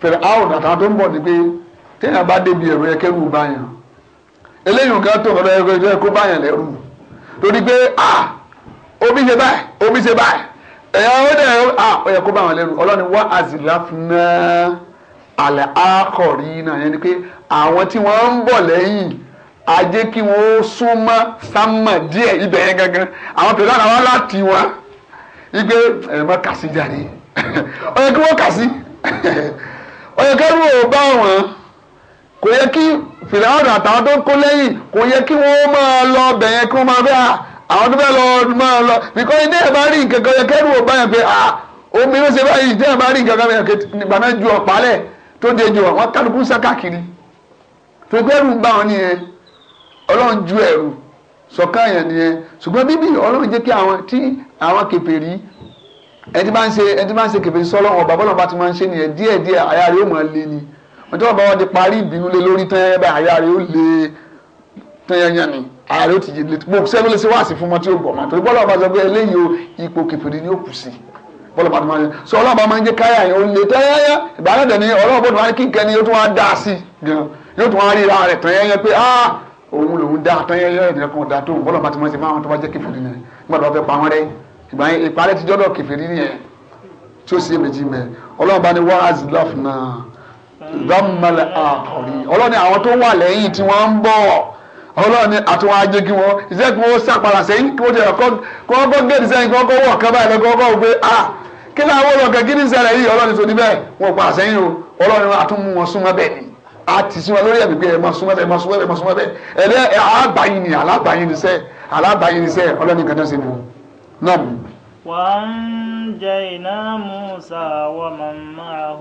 fèrè áwòn àtàwọn tó ń bọ̀ ni pé téèyàn bá débi ẹ̀rù yẹ kẹ́rù báyàn eléyìí nǹkan tó nǹkan tó yẹ kó báyàn lẹ́rù torí pé omi ṣe báyìí omi ṣe báyìí ẹ̀yà dẹ̀ kó báyàn lẹ́rù àlẹ́ náà yẹn ni pé àwọn a jẹ́ kí wọ́n ó súnmọ́ sámọ̀ díẹ̀ ibẹ̀ yẹn gangan àwọn pẹ̀lú àwọn aláàtì wọn igbe ẹ̀ mọ́ kà sí jáde ó yẹ kí wọ́n kà sí ó yẹ kẹ́rù ò bá wọn kò yẹ kí fìlàwọ́n àtàwọn tó ń kó lẹ́yìn kò yẹ kí wọ́n máa lọ ọbẹ̀ yẹn kí wọ́n máa bẹ́ẹ̀ ah, àwọn tó bẹ́ẹ̀ lọ máa lọ bìkọ́ ilé ẹ̀ bá rí nǹkan kan yẹ kẹ́rù ò bá yẹn pé ah omi ló ṣe báyìí ìdí ẹ̀ bá rí nǹkan kan yẹn nígbà náà ju ọ̀pá lẹ̀ tó de ju ọ̀ wọ́n kálukú sá káàkiri tó kẹ́rù ń bá wọn nìyẹn ọlọ́run ju ẹ̀rù sọ̀ká yẹn nìyẹn ṣùgbọ́n bíbí ọlọ́run jẹ́ kí àwọn tí àwọn kèfèrí ẹni bá ń ṣe ẹni bá ń ṣe kèfèrí sọ́lọ́run ọ̀bà bọ́lọ̀ bá ti máa ń ṣe nìyẹn díẹ̀ díẹ̀ àyà rẹ̀ ó máa le ni wọ́n tí wọ́n bá wọ́n ti parí ìbínú lé lórí tán yẹn báyìí àyà rẹ̀ ó le tán yẹn yẹn ni àyà rẹ̀ ó ti le mo sẹ́ ló lè fún wọn tí ó gbọ̀ ni ó kù sí bọ́lọ̀ bá ti máa ń ṣe sọ ọlọ́run bá máa ah òun lòun dá àtọ́ yẹ́yẹ́ ẹ̀dẹ̀ kan dá tó bọ́lọ̀ bá ti mọ̀ sí máa wọn tó bá jẹ́ kẹfìrí ni nígbà tó bá fẹ́ pa wọn rẹ ìgbà yẹn ìparẹ́ ti jọ́dọ̀ kẹfìrí nìyẹn tí ó sì èméjì mẹ́ ọlọ́run bá ní wá azilaf náà dọ́mọlẹ̀ àkọ́rí ọlọ́run ní àwọn tó wà lẹ́yìn tí wọ́n ń bọ̀ ọlọ́run ní àtúwọ̀n ajé kí wọ́n iṣẹ́ kí wọ́n sàpàlà sẹ́yìn kí wọ́n jẹ́ kọ́ kí wọ́n àti sí wọn lórí ẹ̀mí pé ẹ máa súnmọ́ bẹ́ẹ̀ ẹ máa súnmọ́ bẹ́ẹ̀ ẹ máa súnmọ́ bẹ́ẹ̀ ẹ̀rẹ́ alábàáyìn ni alábàáyìn ni sẹ́ alábàáyìn ni sẹ́ ọlọ́ni kan náà ṣe nù náà mú. وأنجينا موسى ومن معه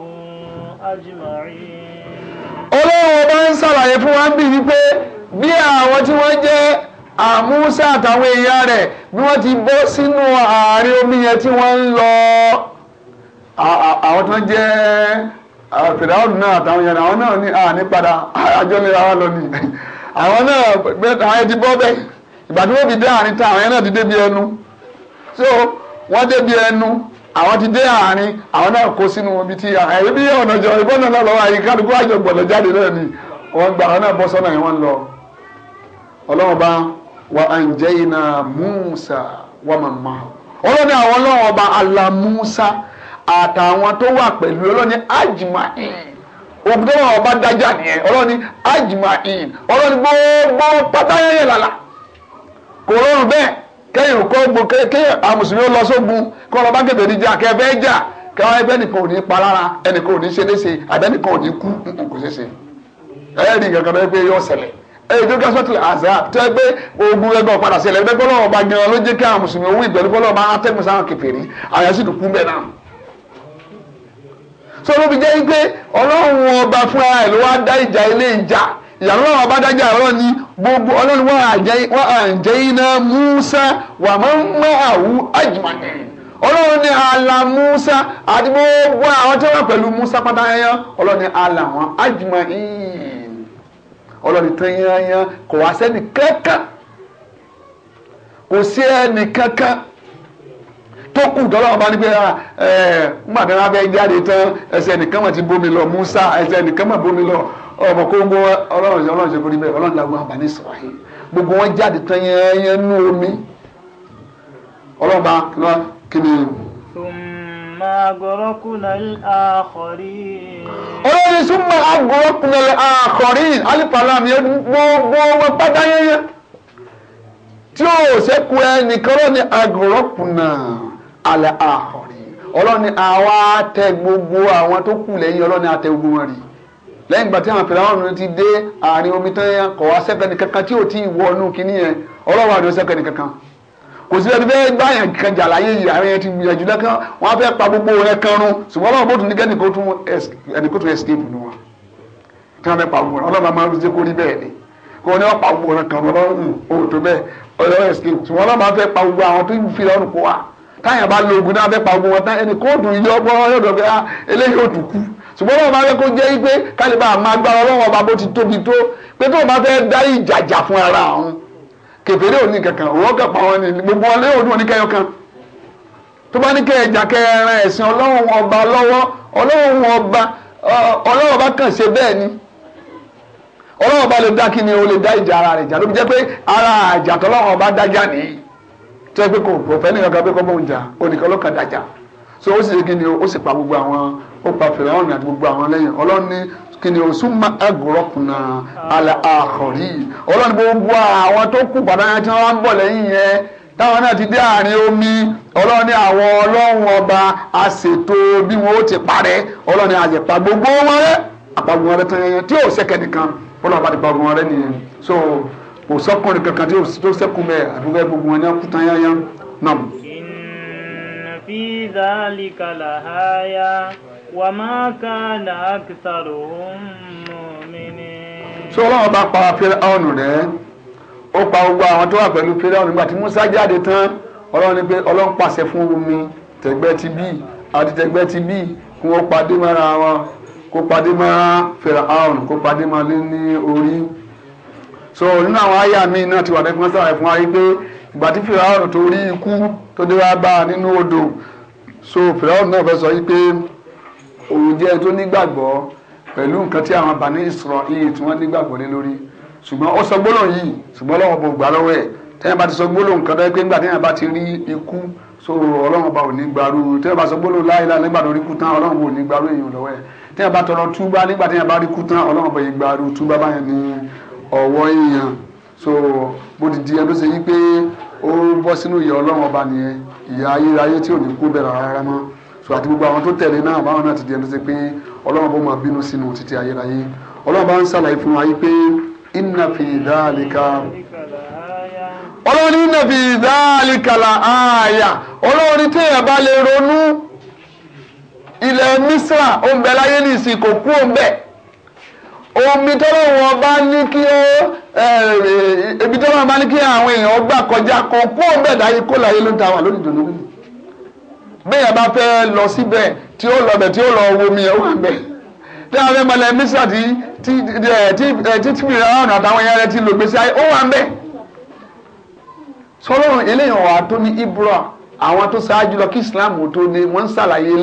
أجمعين. Ọlọ́run bá ń ṣàlàyé fún wa bí wípé bí àwọn tí wọ́n jẹ́ àmúṣà àtàwọn èèyàn rẹ̀ bí wọ́n ti bọ́ sínú àárín omi yẹn tí wọ́n ń lọ àwọn tó ń jẹ́ àwọn fìdáwọ́nù náà àtàwọn yẹn àwọn náà ní àní padà àjọ ní ara lọ ni àwọn náà bẹ́ẹ̀ àwọn ti bọ́ bẹ́ẹ̀ ìbàdí wọ́n fi dé àárín tá àwọn yẹn náà ti débi ẹnu so wọ́n débi ẹnu àwọn ti dé àárín àwọn náà kó sínú ibi tí àwọn ibi ọ̀nà jọ ìbọn náà lọ lọ́wọ́ àyíká kó àjọ gbọ̀dọ̀ jáde náà ni wọ́n gba àwọn náà bọ́ sọ́nà yẹn wọ́n lọ ọlọ́run bá wa anjayna Musa wa man ma'ahu ọlọ́run àwọn ọlọ́run ọba ala Musa àtàwọn tó wà pẹ̀lú ọlọ́ni tó wọn ọba dájà nìyẹn ọlọ́ni ajma'in ọlọ́ni gbogbo pátáyẹ̀yẹ̀ lálá kò rọrùn bẹ́ẹ̀ kẹ́yìn kó gbó kẹ́yìn àmùsùlùmí lọ sógun kó lọ bá kẹ̀tẹ̀ níjà kẹfẹ́ jà kẹwàá ẹgbẹ́ nìkan ò ní pa rárá ẹnìkan ò ní ṣe léṣe àbẹ́nìkan ò ní kú kò ṣe ṣe ẹ̀ẹ́dì bẹ́ẹ̀ pé àzá ogun ẹgbẹ́ ọ̀padà ẹgbẹ́ gbọ́dọ̀ ọba ló jẹ́ kí owó ìbẹ̀rù gbọ́dọ̀ sáwọn bẹ́ẹ̀ náà. so ló fi ọba fún ara ẹ̀ ló wá dá ìjà ilé ìjà ìyàwó ọlọ́run ọba dájà ọ̀rọ̀ ni gbogbo ọlọ́run wọn à jẹ́ iná Musa wà máa ń mọ àwù àjùmọ̀nì ọlọ́run ní ala Musa àti gbogbo àwọn tí wọ́n pẹ̀lú Musa pátá yẹn ọlọ́run ní ala wọn ọlọ́run tán yẹn kò wá sẹ́ni kankan kò sí tó kù tọ́lọ́wọ́ bá ní pé ah, eh, ńgbà tí wọ́n fẹ́ jáde tán ẹsẹ̀ nìkan mọ̀ ti bómi lọ Musa ẹsẹ̀ nìkan mọ̀ bómi lọ ọmọ kóńgó ọlọ́run ṣe ọlọ́run ṣe kórìí bẹ́ẹ̀ ọlọ́run làwọn àbáni sọ̀rọ̀ yìí gbogbo wọn jáde tán yẹn nú omi ọlọ́run bá kí ni. olórí súnmọ́ agọ́rọ́kùnrin àkọ́rí alifalam yẹn gbogbo wọn pátá yẹn yẹn tí ó ṣẹ́kù ẹnìkan ló ní agọ́rọ́kùnrin alẹ́ àkọ́rí ọlọ́ni àwa tẹ gbogbo àwọn tó kù lẹ́yìn ọlọ́ni àtẹ gbogbo wọn rí lẹ́yìn ìgbà tí àwọn fìlàwọ́n ti dé àárín omi tán yẹn kọ̀ wá sẹ́fẹ̀ẹ́nì kankan tí ò tí ì wọ inú kínní yẹn ọlọ́wọ́ àdó sẹ́fẹ̀ẹ́nì kankan kò sí ẹni bẹ́ẹ̀ gbá yẹn kan jà láyé yìí àwọn yẹn ti gbìyànjú lẹ́kàn wọ́n á fẹ́ pa gbogbo rẹ̀ kan run ṣùgbọ́n ọlọ́run bó tún ní ẹni kó tún escape nu wọn tí wọ́n fẹ́ pa gbogbo rẹ̀ ọlọ́run máa ń ṣe kó rí bẹ́ẹ̀ ni kò ní wọ́n pa gbogbo rẹ̀ kan run ọlọ́run ò tó bẹ́ẹ̀ ọlọ́run escape ṣùgbọ́n ọlọ́run máa fẹ́ pa gbogbo àwọn tó fi lọ́rùn kó wà táyà bá lo ogun náà fẹ́ pa ogun wọn tán ẹni kóòtù yọ ọgbọ́n yọ̀dọ̀ pé ah, eléyìí ò tún kú ṣùgbọ́n wọn bá fẹ́ kó jẹ́ pé kálíbà máa gbára ọlọ́wọ́ ọba bó ti tóbi tó pé tó bá fẹ́ dárí ìjàjà fún ara àwọn kèfèrè òní kankan òwò kan wọn ni gbogbo wọn lé òdùn oníkẹyọ kan tó bá ní kẹ ẹjà kẹrin ẹ̀sìn ọlọ́run ọba lọ́wọ́ ọlọ́run ọba ọlọ́run ọba kàn ṣe bẹ́ẹ̀ ni ọlọ́run ọba lè dá kí ni o lè dá ìjà ara rẹ̀ jà ló fi jẹ́ pé ara àjà tọ́lọ́run ọba dájà nìyí tẹ́ pé kò fẹ́ nìkan kan pé bóun jà ló kàn so ó sì ṣe kí ó sì pa gbogbo àwọn ó pa fèrè àwọn àti gbogbo àwọn lẹ́yìn ọlọ́run ní kí ni oṣù máa agùrọ̀kùnà àlẹ́ àkọ̀rí ọlọ́run gbogbo àwọn tó kù bàdáyà tí ọba bí gbogbo wọn rẹ tán yẹn tí ò nìkan ọlọ́run so kò sọ́kùnrin kankan tí ó sẹ́kù mẹ́ẹ̀ àdúgbò gbogbo wọn ní akútan yányán náà. fi dhalika lahaya wa ma kana aktharuhum mu'minin. sọ ọlọ́run bá pa fíráùnù rẹ̀ ó pa gbogbo àwọn tó wà pẹ̀lú fíráùnù nígbà tí Musa jáde tán ọlọ́run ní pé ọlọ́run pàṣẹ fún omi tẹ̀gbẹ́ ti bí àti tẹ̀gbẹ́ ti bí kí wọ́n padé mọ́ra wọn kó padé mọ́ra fíráùnù kó padé mọ́ra lé ní orí so nínú àwọn àyà míì náà ti wà lẹ́kùn wọn sàlàyé fún wa wípé ìgbà tí fìràwọ̀ tó rí ikú tó dé wá bá a nínú odò so fìràwọ̀ náà fẹ́ sọ wípé òun jẹ́ tó nígbàgbọ́ pẹ̀lú nǹkan tí àwọn Bani Israel tí wọ́n nígbàgbọ́ lé lórí ṣùgbọ́n ó sọ gbólóhùn yìí ṣùgbọ́n Ọlọ́run bò gbà lọ́wọ́ ẹ̀ tẹ́yìn bá ti sọ gbólóhùn kan tẹ́yìn pé nígbà tẹ́yìn bá ti rí ikú so Ọlọ́run bá ò ní gbarú tẹ́yìn bá sọ gbólóhùn láìláì nígbà tó rí ikú tán Ọlọ́run ò ní gbarú èèyàn lọ́wọ́ ẹ̀ tẹ́yìn bá tọrọ túbá nígbà tẹ́yìn bá rí ikú tán Ọlọ́run bò yí gbarú túbá báyẹn ní ọwọ́ èèyàn so bó ti di ẹni ṣe yí pé ó bọ́ sínú ìyà ọlọ́run ọba nìyẹn ìyà ayérayé tí ò ní kú bẹ̀rẹ̀ rárá mọ́ so àti gbogbo àwọn tó tẹ̀lé náà báwọn náà ti di ẹni tó ṣe pé ọlọ́run bó máa bínú sínú títí ayérayé ọlọ́run bá ń ṣàlàyé fún wa yí pé fi ọlọ́run fi ọlọ́run ní téèyàn bá lè ronú ilẹ̀ láyé omi tọ́lọ́run bá ní kí ó ebi tọ́lọ́run bá ní kí àwọn èèyàn gbà kọjá kan kú ọ̀bẹ dáyé kó láyé ló ń ta wà lónìí dòdò lónìí bẹ́ẹ̀ bá fẹ́ lọ síbẹ̀ tí ó lọ bẹ̀ tí ó lọ wo mi ẹ̀ wà bẹ̀ tí a fẹ́ mọ̀lẹ́ mísà tí tí tí Islam tó ní wọ́n ń ṣàlàyé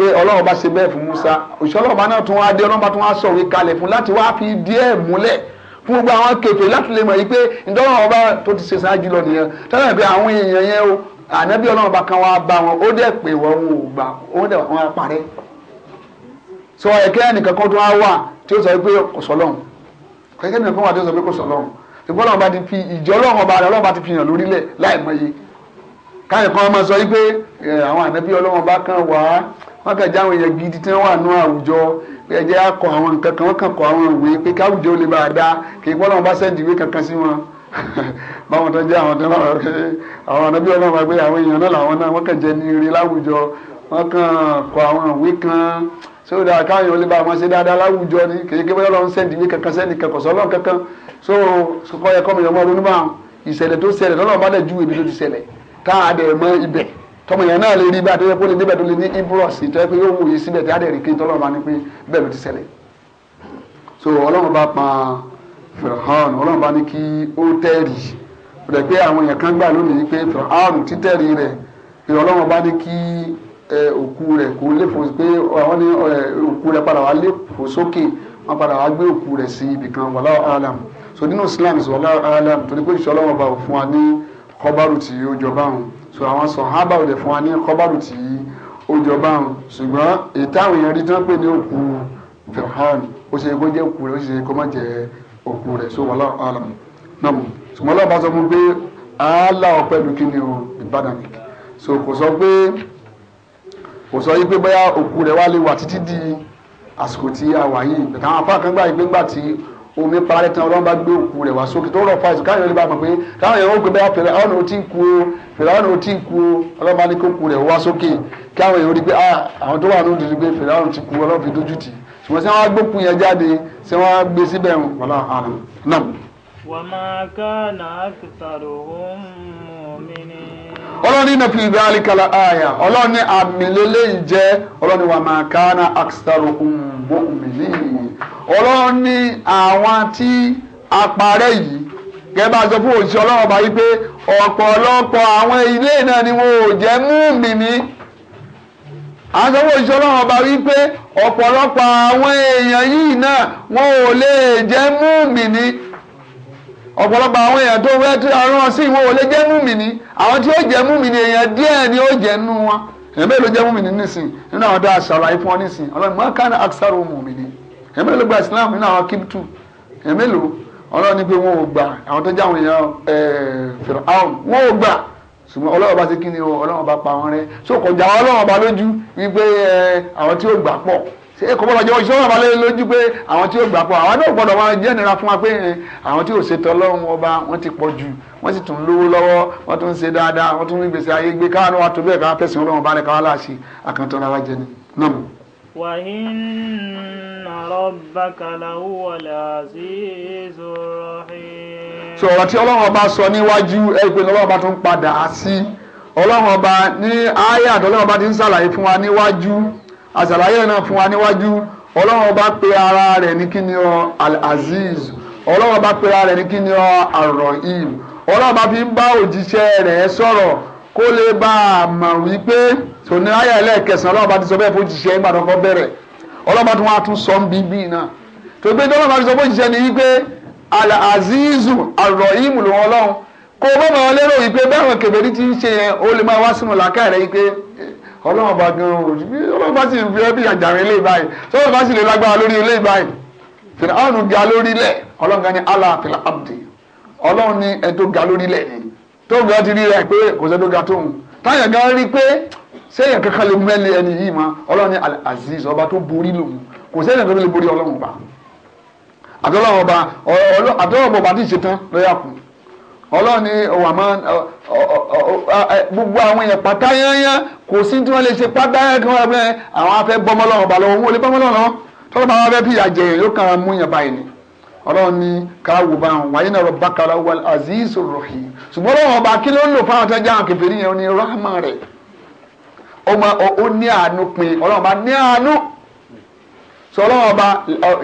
pé ọlọ́run bá ṣe bẹ́ẹ̀ fún Musa òṣìṣẹ́ ọlọ́run bá náà tún wá dé ọlọ́run bá tún wá sọ̀rọ̀ kalẹ̀ fún láti wá fi díẹ̀ múlẹ̀ fún gbogbo àwọn kèfèé láti lè mọ̀ yìí pé ìdánwò ọba tó ti ṣe ṣáájú lọ nìyẹn tẹ́lẹ̀ bí àwọn èèyàn yẹn o ànábì ọlọ́run bá kan wá bá wọn ó dẹ̀ pé wọn ò gbà ó dẹ̀ wọn parẹ́ sọ ẹ̀kẹ́ ẹnìkan kan tó wá wà tí ó sọ pé kò sọ lọ́run ẹ̀kẹ́ ẹnìkan kan wà tí ó sọ pé kò sọ lọ́run ṣùgbọ́n ọlọ́run bá ti fi ìjọ ọlọ́run ọba rẹ̀ ọlọ́run bá ti fi hàn lórílẹ̀ láì mọye káyọ̀ kan máa sọ yìí pé àwọn ànábì ọlọ́run bá kan wà wọ́n kàn já àwọn èèyàn gidi tí wọ́n wà nú àwùjọ ẹ̀jẹ̀ akọ àwọn nǹkan kan wọ́n kàn kọ àwọn ìwé pé káwùjọ lè bá a dá kì í pọ́n náà bá sẹ́ǹdì ìwé kankan sí wọn báwọn tó jẹ́ àwọn tó náà pé àwọn ọ̀nà bí ọlọ́run pé àwọn èèyàn náà làwọn náà wọ́n kàn jẹ́ ní ire láwùjọ wọ́n kàn kọ àwọn ìwé kan sódà káwọn olè bá wọn ṣe dáadáa láwùjọ ni kì í pé ọlọ́run sẹ́ǹdì ìwé kankan sẹ́ǹdì kankan sọ́lọ́ so kọ́ yẹ kọ́ mi yọ̀ mọ́ ọdún náà ìṣẹ̀lẹ̀ tó ṣẹlẹ̀ lọ́nà bá dẹ̀ ju ibi tó tọmọ yẹn náà lè rí bá tẹ́lẹ̀ kó lè débẹ̀ tó lè ní ibros tẹ́lẹ̀ pé yóò wòye síbẹ̀ tí a dẹ̀ rí kí tọ́lọ́ba ni pé bẹ́ẹ̀ ló ti ṣẹlẹ̀ so ọlọ́run bá pa fìràn ọlọ́run bá ní kí ó tẹ́rì rẹ̀ pé àwọn èèyàn kan gbà lónìí pé fìràn títẹ̀rì rẹ̀ pé ọlọ́run bá ní kí òkú rẹ̀ kó léfò pé àwọn ní òkú rẹ̀ padà wá léfò sókè wọ́n padà wá gbé òkú rẹ̀ sí ibìkan wàlá alam so nínú Islam wàlá alam torí pé ìṣọlọ́wọ́ bá fún so àwọn sọ̀hábà ò lè fún wa ní kọ́bárù tí ó jọba ń ṣùgbọ́n ìtàwọn èèyàn rí tí wọ́n pè ní òkú fẹ̀hán ó ṣe kó jẹ́ òkú rẹ̀ ó ṣe kó má jẹ́ òkú rẹ̀ so wallahu alam náà mọ̀ ṣùgbọ́n lọ́ba sọ fún pé àálà ọ̀pẹ́ lu kí ni o ìbàdàn ni so kò sọ pé kò sọ yí pé bóyá òkú rẹ̀ wá lè wà títí di àsìkò tí a wà yìí bẹ̀tẹ̀ àwọn apá gbà yí pé ńgbà tí omi parẹ́ tán ọlọ́run bá gbé òkú rẹ̀ wá sókè tó rọ̀ fáìsì káyọ̀ lè bá mọ̀ pé káwọn èèyàn ó gbé bẹ́ẹ̀ fèrè àwọn ò ń ku o fèrè àwọn ò ń ku o ọlọ́run ní kó rẹ̀ wá sókè káwọn èèyàn rí pé ah àwọn tó wà ní òdìdí pé fèrè àwọn ti ku ọlọ́run fi dójú tì ṣùgbọ́n sẹ́wọ́n á gbókun yẹn jáde sẹ́wọ́n gbé síbẹ̀ wọ́n ọlọ́ni náà fi ìgbà kala àyà ọlọ́ni àmì lélẹ́yìí jẹ́ ọlọ́ni wà máa ká ná àkìsàrò mọ́mìnì ọlọ́ni àwọn tí apárẹ́ yìí gẹ́gẹ́ bá a sọ fún òṣìṣẹ́ ọlọ́run ọba yìí pé ọ̀pọ̀lọpọ̀ àwọn ilé náà ni wọn ò jẹ́ mọ́mìnì àsọwọ́ ìṣọ́ ọlọ́run ọba wípé ọ̀pọ̀lọpọ̀ àwọn èèyàn yìí náà wọn ò lè jẹ́ mọ́mìnì ọ̀pọ̀lọpọ̀ àwọn èèyàn tó wẹ́ tí ọ̀rọ̀ sí ìwọ ò lè jẹ́ múmìnì àwọn tí ó jẹ́ múmìnì èèyàn díẹ̀ ni ó jẹ́ nú wọn èèyàn bẹ́ẹ̀ ló jẹ́ múmìnì nísìn nínú àwọn tó aṣọra ifún ọ nísìn ọlọ́run mọ́ kánà àkísàrò múmìnì èèyàn bẹ́ẹ̀ ló gba Islam nínú àwọn kíntù èèyàn mélòó ọlọ́run ní pé wọn ò gbà àwọn tó jáwọn èèyàn fèrè àwọn wọn ò gbà ṣùgbọ́n ọlọ́run bá ti kí ni ọlọ́run bá pa wọn rẹ so kọjá ọlọ́run bá lójú wípé àwọn tí ó gbà pọ̀ ṣé kò gbọ́dọ̀ jẹ́ òṣìṣẹ́ wà lẹ́yìn lójú pé àwọn tí ó gbà pọ̀ àwọn náà gbọ́dọ̀ máa jẹ́ ìnira fún wa pé àwọn tí ò ṣètò ọlọ́run ọba wọ́n ti pọ̀ jù wọ́n sì tún lówó lọ́wọ́ wọ́n tún ṣe dáadáa wọ́n tún ń gbèsè ayé gbé káwọn wa tó bẹ́ẹ̀ káwọn fẹ̀sìn ọlọ́run ọba rẹ̀ káwọn láàṣì àkàntọ́ ara jẹ náà. wa ọ̀rọ̀ tí ọlọ́run ọba sọ níwájú ẹ ọlọ́run ọba tún padà sí ọlọ́run ọba ní ayé àtọ́lọ́run ọba ti ń ṣàlàyé fún wa níwájú àṣàlàyé náà fún wa níwájú ọlọ́run ọba pe ara rẹ̀ ní kí ni ọ al-aziz ọlọ́run pe ara rẹ̀ ní ni ọ ọlọ́run fi ń bá òjíṣẹ́ rẹ̀ sọ̀rọ̀ kó lè bá a mọ̀ wípé tòní ayé ẹlẹ́ẹ̀kẹsàn ọlọ́run ọba ti sọ bẹ́ẹ̀ fún òjíṣẹ́ ìgbà tó bẹ̀rẹ̀ ọlọ́run ọba tó wọn tún sọ bí bí náà tó gbé ti sọ fún òjíṣẹ́ ni wípé al lòun ọlọ́run kó o bọ́ mọ̀ ọ́ lérò ọlọ́run bá gan ọlọ́run bá sì ń fi ẹbí àjàrin ilé báyìí sọ́wọ́n bá sì lè lágbára lórí ilé báyìí fìlà ọ̀run ga lórí lẹ̀ ọlọ́run gan ni allah fìlà abdi ọlọ́run ni ẹ tó ga lórí lẹ̀ ni tó ga ti rí rẹ̀ pé kò sẹ́ tó ga tóun táyà gan rí pé sẹ́yìn kankan lè mẹ́lẹ̀ ẹni yìí ma ọlọ́run ni aziz ọba tó borí lòun kò sẹ́yìn kankan lè borí ọlọ́run ọba àtọ́lọ́run ọba àtọ́lọ́run ọba ti ṣetán lọ́yà kù ọlọ́run ní wàmọ́ gbogbo àwọn èèyàn pátá yányá kò sí tí wọ́n lè ṣe pátá yányá kí wọ́n rẹ̀ àwọn afẹ́ bọ́mọlọ́run ọba lọ́wọ́ wọn ò lè bọ́mọlọ́run lọ́wọ́ tọ́lọ́ bá wọn fẹ́ fi àjẹ yẹn yóò kàn án mú yẹn báyìí ni ọlọ́run ní káwù bá wọn wáyé náà rọ̀bá kàrà wà azizur rahim ṣùgbọ́n ọlọ́run ọba kí ló ń lò fáwọn tẹ́jà àwọn kẹfẹ́ yẹn ní rahman rẹ̀ ọmọ ó ní àánú pin ọlọ́run ọba ní àánú sọ ọlọ́run ọba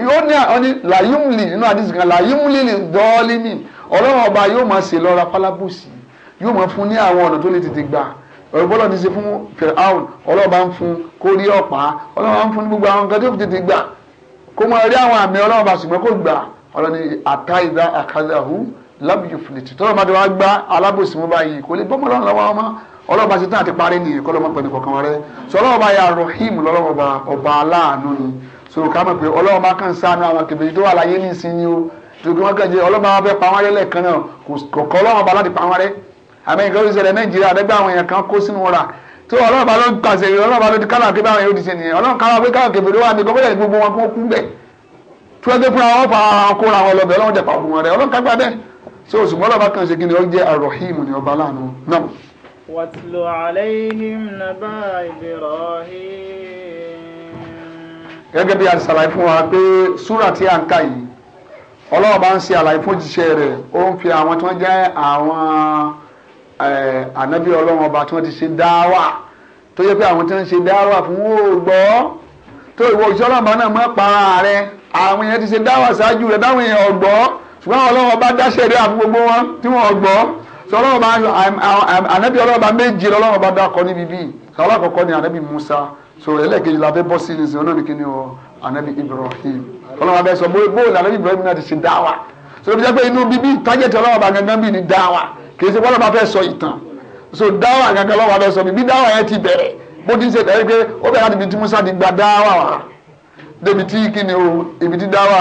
yóò ní àánú làyúmùlì nínú àdìsí kan làyúmùlì dọ́ọ́lì nìyí ọlọ́run ọba yóò máa ṣe lọ́ra pálábùsì yóò máa fún ní àwọn ọ̀nà tó lè tètè gbà ọ̀rọ̀bọ́lọ̀ ti ṣe fún firaun ọlọ́ọ̀bá ń fún kó rí ọ̀pá ọlọ́ọ̀bá ń fún ní gbogbo àwọn nǹkan tó fi tètè gbà kó máa rí àwọn àmì ọlọ́ọ̀bá ṣùgbọ́n kò gbà ọlọ́ni àtàìdá àkàzàhù lábìyù tọ́lọ́ bá ti wá gbá alábòsí mú báyìí kò lè bọ́mọ lọ́rùn lọ́wọ́ ọmọ ọlọ́ọ̀bá ṣe àti parí nìyẹn kọ́ lọ́mọ pẹ̀lú kọ̀ọ̀kan rẹ sọ ọlọ́ọ̀bá ya rahim lọ́lọ́ọ̀bá ọba aláàánú ni sọ ká mọ̀ pé ọlọ́ọ̀bá kan ṣàánú àwọn kèbèrè tó wà láyé nísìnyí o tòkì wọn kàn jẹ ọlọ́mọ àwọn fẹ́ pa náà kò kọ́ ọlọ́mọ ọba láti pa wọn àmì nǹkan ló nàìjíríà àdẹ́gbà àwọn èèyàn kan kó sínú ra tó ọlọ́mọ ọba ló ń pàṣẹ ọlọ́mọ ọba ló ti kálà kébé àwọn èèyàn ó ti ṣe nìyẹn ọlọ́mọ kálà pé kálà kébé ló wà ní gọ́mọ̀dẹ̀ ní gbogbo wọn kó kú bẹ̀ tí wọ́n fúnra wọn fa kóra wọn lọ́bẹ̀ wọn rẹ̀ ọlọ́mọ kágbá gẹ́gẹ́ bí a ṣàlàyé fún wa pé súrà tí a ń kà yìí ọlọ́run bá ń ṣe àlàyé fún òjíṣẹ́ rẹ̀ ó ń fi àwọn tí wọ́n jẹ́ àwọn ànábì ọlọ́run ọba tí wọ́n ti ṣe dáwà tó yẹ pé àwọn tí wọ́n ṣe dáwà fún wọn ò gbọ́ tó ìwọ òjíṣẹ́ ọlọ́run bá náà mọ́ para rẹ̀ àwọn èèyàn ti ṣe dáwà ṣáájú rẹ̀ táwọn èèyàn ò ṣùgbọ́n ọlọ́run ọba dáṣẹ́ rẹ̀ àfún gbogbo wọn tí wọ́n ò gbọ́ bá ànábì ọlọ́run bá méje lọ́lọ́run bá dákọ Musa sọ̀rọ̀ ẹlẹ́ẹ̀kejì la fẹ́ bọ́ sí anabi ibrahim ọlọ́run abẹ́ sọ bóòlù anabi ibrahim náà ti ṣe dáwà so ló fi jẹ́ pé inú bíbí tájẹ̀tì ọlọ́run ọba gangan bíi ni dáwà kì í ṣe bọ́lá bá fẹ́ sọ ìtàn so dáwà gangan ọlọ́run abẹ́ sọ mi bí dáwà yẹn ti bẹ̀rẹ̀ bó ti ń ṣe bẹ̀rẹ̀ pé ó bẹ̀rẹ̀ láti ibi tí musa ti gba dáwà wá débi tí kíni o ibi tí dáwà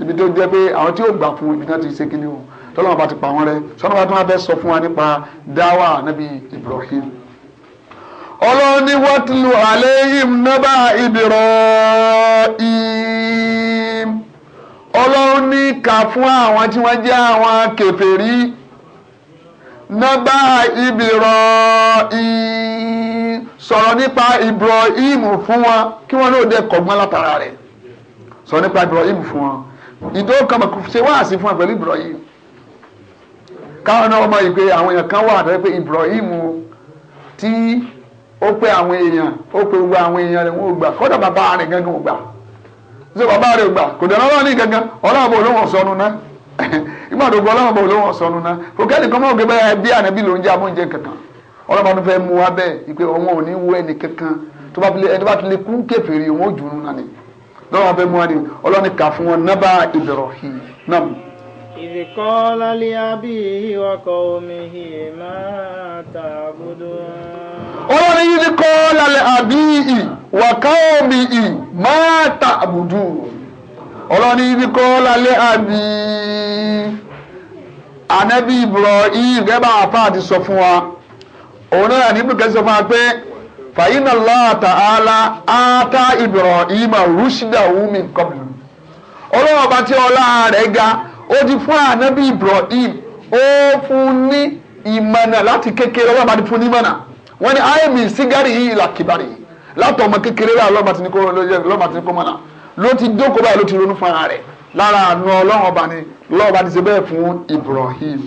ibi tó jẹ́ pé àwọn tí ó gbà fún ibi náà ti ṣe kíni o tọ́lọ́run ọba ti pa wọ́n rẹ́ sọ́nà bá tún wá fẹ́ sọ fún wa nípa dáwà anabi ibrahim ọlọ́run ní wàtúlù àléhìm nábà Ibrahim ọlọ́run ní kà fún àwọn tí wọ́n jẹ́ àwọn kèfèrí nábà Ibrahim sọ̀rọ̀ nípa Ibrahim fún wọn kí wọ́n náà dé kọ̀gbọ́n látara rẹ̀ sọ̀rọ̀ nípa Ibrahim fún wọn ìdókàmọ̀ ṣe wáàsí fún wọn pẹ̀lú Ibrahim káwọn náà mọ̀ ìpè àwọn èèyàn kan wà àtàwọn pé Ibrahim tí. ó pé àwọn èèyàn ó pé gbogbo àwọn èèyàn rẹ̀ wọ́n ò gbà kódà bàbá rẹ̀ gangan ò gbà ṣé bàbá rẹ̀ ò gbà kò dáná lọ́wọ́ ní gangan ọlọ́run bò lóhùn sọnù náà ìgbà tó gbọ́ ọlọ́run bò sọnù náà kò kẹ́ni kan mọ̀ pé bẹ́ẹ̀ bí ànábì ló ń jẹ́ amóúnjẹ kankan ọlọ́run fẹ́ mú wa bẹ́ẹ̀ ìpè ò ní wú ẹnì ni lọ́wọ́ ọlọ́run yìí ti kọ́ lálẹ́ àbí ì wàkàómi ì máa ta àbùdù ọlọ́run yìí ti kọ́ lálẹ́ àbí anabi Ibrahim gẹ́gbà àfa àti sọ fún wa òun náà ní ibùkẹ́ sọ fún wa pé fàyínà láàtà àlà átá Ibrahim rúṣìdà wúmi kọ́bìlì ọlọ́run ọba tí ọlá rẹ̀ ga ó ti fún anabi Ibrahim ó fún ní ìmọ̀nà láti kékeré ọlọ́run ọba ti fún ní ìmọ̀nà wọ́n ní ayé mi sígárì yìí là kìbárì yìí látọ̀ ọmọ kékeré rà lọ́ba tí ní kó lọ́ba tí ní kó mọ̀nà ló ti jókòó báyìí ló ti ronú fún ara rẹ̀ lára àánú ọlọ́run ọba ni ọlọ́run ọba ti ṣe bẹ́ẹ̀ fún Ibrahim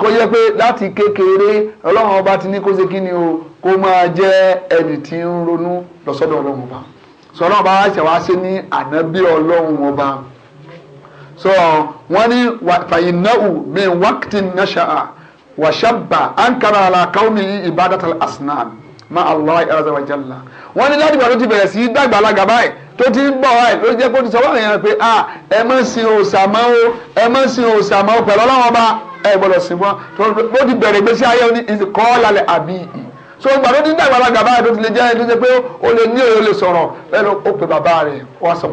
kó yẹ pé láti kékeré ọlọ́run ọba ti ní kó ṣe kí ni o kó máa jẹ́ ẹni tí ń ronú lọ́sọ́dọ̀ ọlọ́run ọba sọ ọlọ́run ọba ṣe wá ṣe ní ànábì ọlọ́run ọba sọ wọ́n ní fàyínnáwù min wákìtì náṣà wàṣàbà ankara alakauni ibadatal asnam ma allah azza wa jalla wọ́n ní láti bàtó ti bẹ̀rẹ̀ sí dàgbà alága báyìí tó ti ń bọ̀ wáyé ló jẹ́ kó ti sọ wọ́n yẹn pé ah ẹ má sin òòṣà mọ́ o ẹ má sin òòṣà mọ́ o pẹ̀lú ọlọ́wọ́n bá ẹ gbọ́dọ̀ sìn wọ́n tó ti bẹ̀rẹ̀ gbèsè ayé ní ìkọ́ àbí ì so ìgbà tó ti ń dàgbà alága báyìí tó ti lè jẹ́ ẹni tó ṣe pé ó lè ní òye lè sọ̀rọ̀ bẹ́ẹ̀ ó pe bàbá rẹ̀ wọ́n sọ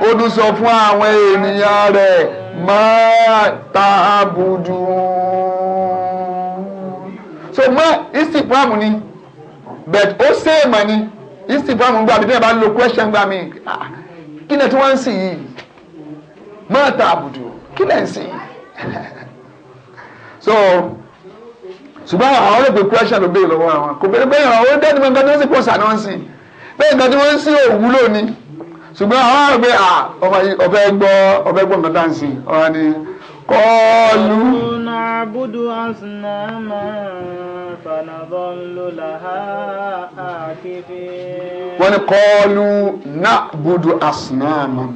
ó tún sọ fún àwọn ènìyàn rẹ̀ máa ta àbùdù. so mọ́ instagram ni but ó sèèmọ̀ ni instagram gbà mí bẹ́ẹ̀ bá ń lo question gbà mí ah, kí ni tí wọ́n ń sìn yìí máa ta àbùdù kí ni ń sìn yìí so ṣùgbọ́n àwọn olùgbé question ló béèrè lọ́wọ́ àwọn kò béèrè bẹ́ẹ̀ yàn ó dẹ́nu mọ́ nǹkan tí pọ̀ sànà ń bẹ́ẹ̀ nǹkan wọ́n ń sìn òwúlò ni ṣùgbọ́n àwọn àwọn pé ah, ọbẹ̀ gbọ́ ọbẹ̀ gbọ́ nǹkan dáhùn sí ọ̀rọ̀ ni kọlu. ọ̀nà àbúdú àsìnà máa fanabọ́ ń lò láhá àkífé. wọ́n ní kọlu náà búdú àsìnà máa.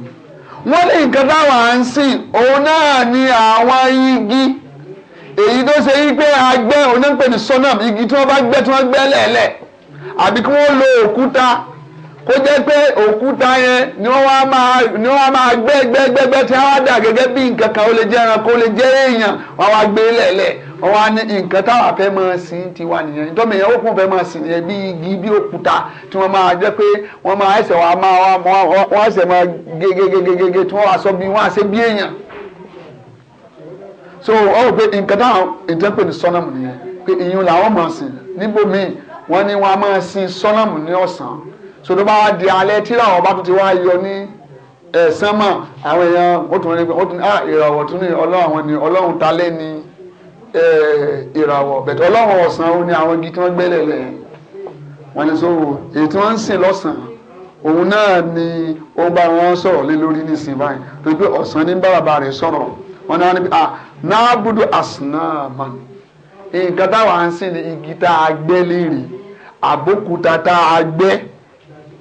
wọ́n ní nǹkan táwọn à ń sìn òun náà ni àwọn igi èyí tó ṣe yí pé agbẹ́ onípe ní sọ́nà igi tí wọ́n bá gbẹ́ tí wọ́n gbẹ́ lẹ́ẹ̀lẹ́ àbí kí wọ́n lo òkúta kó jẹ́ pé òkúta yẹn ni wọ́n wá máa ni wọ́n máa gbẹ́ gbẹ́ gbẹ́ gbẹ́ tí wọ́n á dà gẹ́gẹ́ bí nǹkan kan ó lè jẹ́ ẹranko ó lè jẹ́ èèyàn wọ́n wá gbé lẹ̀lẹ̀ wọ́n wá ní nǹkan táwa fẹ́ máa sìn tiwa nìyẹn nítorí ìyẹn òkú fẹ́ máa sìn yẹn bí igi bí òkúta tí wọ́n máa jẹ́ pé wọ́n máa ẹsẹ̀ wá máa wọ́n ẹsẹ̀ máa gegegegege tí wọ́n wá sọ bí wọ́n á ṣe bí èèyàn so ọ wò pé nǹkan táwọn ìjẹ́pẹ̀ ní sọ́nàmù nìyẹn pé ìyún làwọn máa sìn níbòmíì wọ́n ní wọ́n á máa sìn sọ́nàmù ní ọ̀sán so tó di alẹ tí àwọn bá tún ti wá yọ ní ẹ̀sán mọ̀ àwọn èèyàn ó tún rí ah, ni ta ni ìràwọ̀ bẹ̀tẹ̀ ọlọ́run ó ní àwọn igi ní èyí tí wọn ni ó bá wọn sọ̀rọ̀ lé lórí nísìnyí báyìí torí pé ní bàbá wọn náà ní à náà búdú àsìnáàmà nǹkan táwọn à ń sìn ní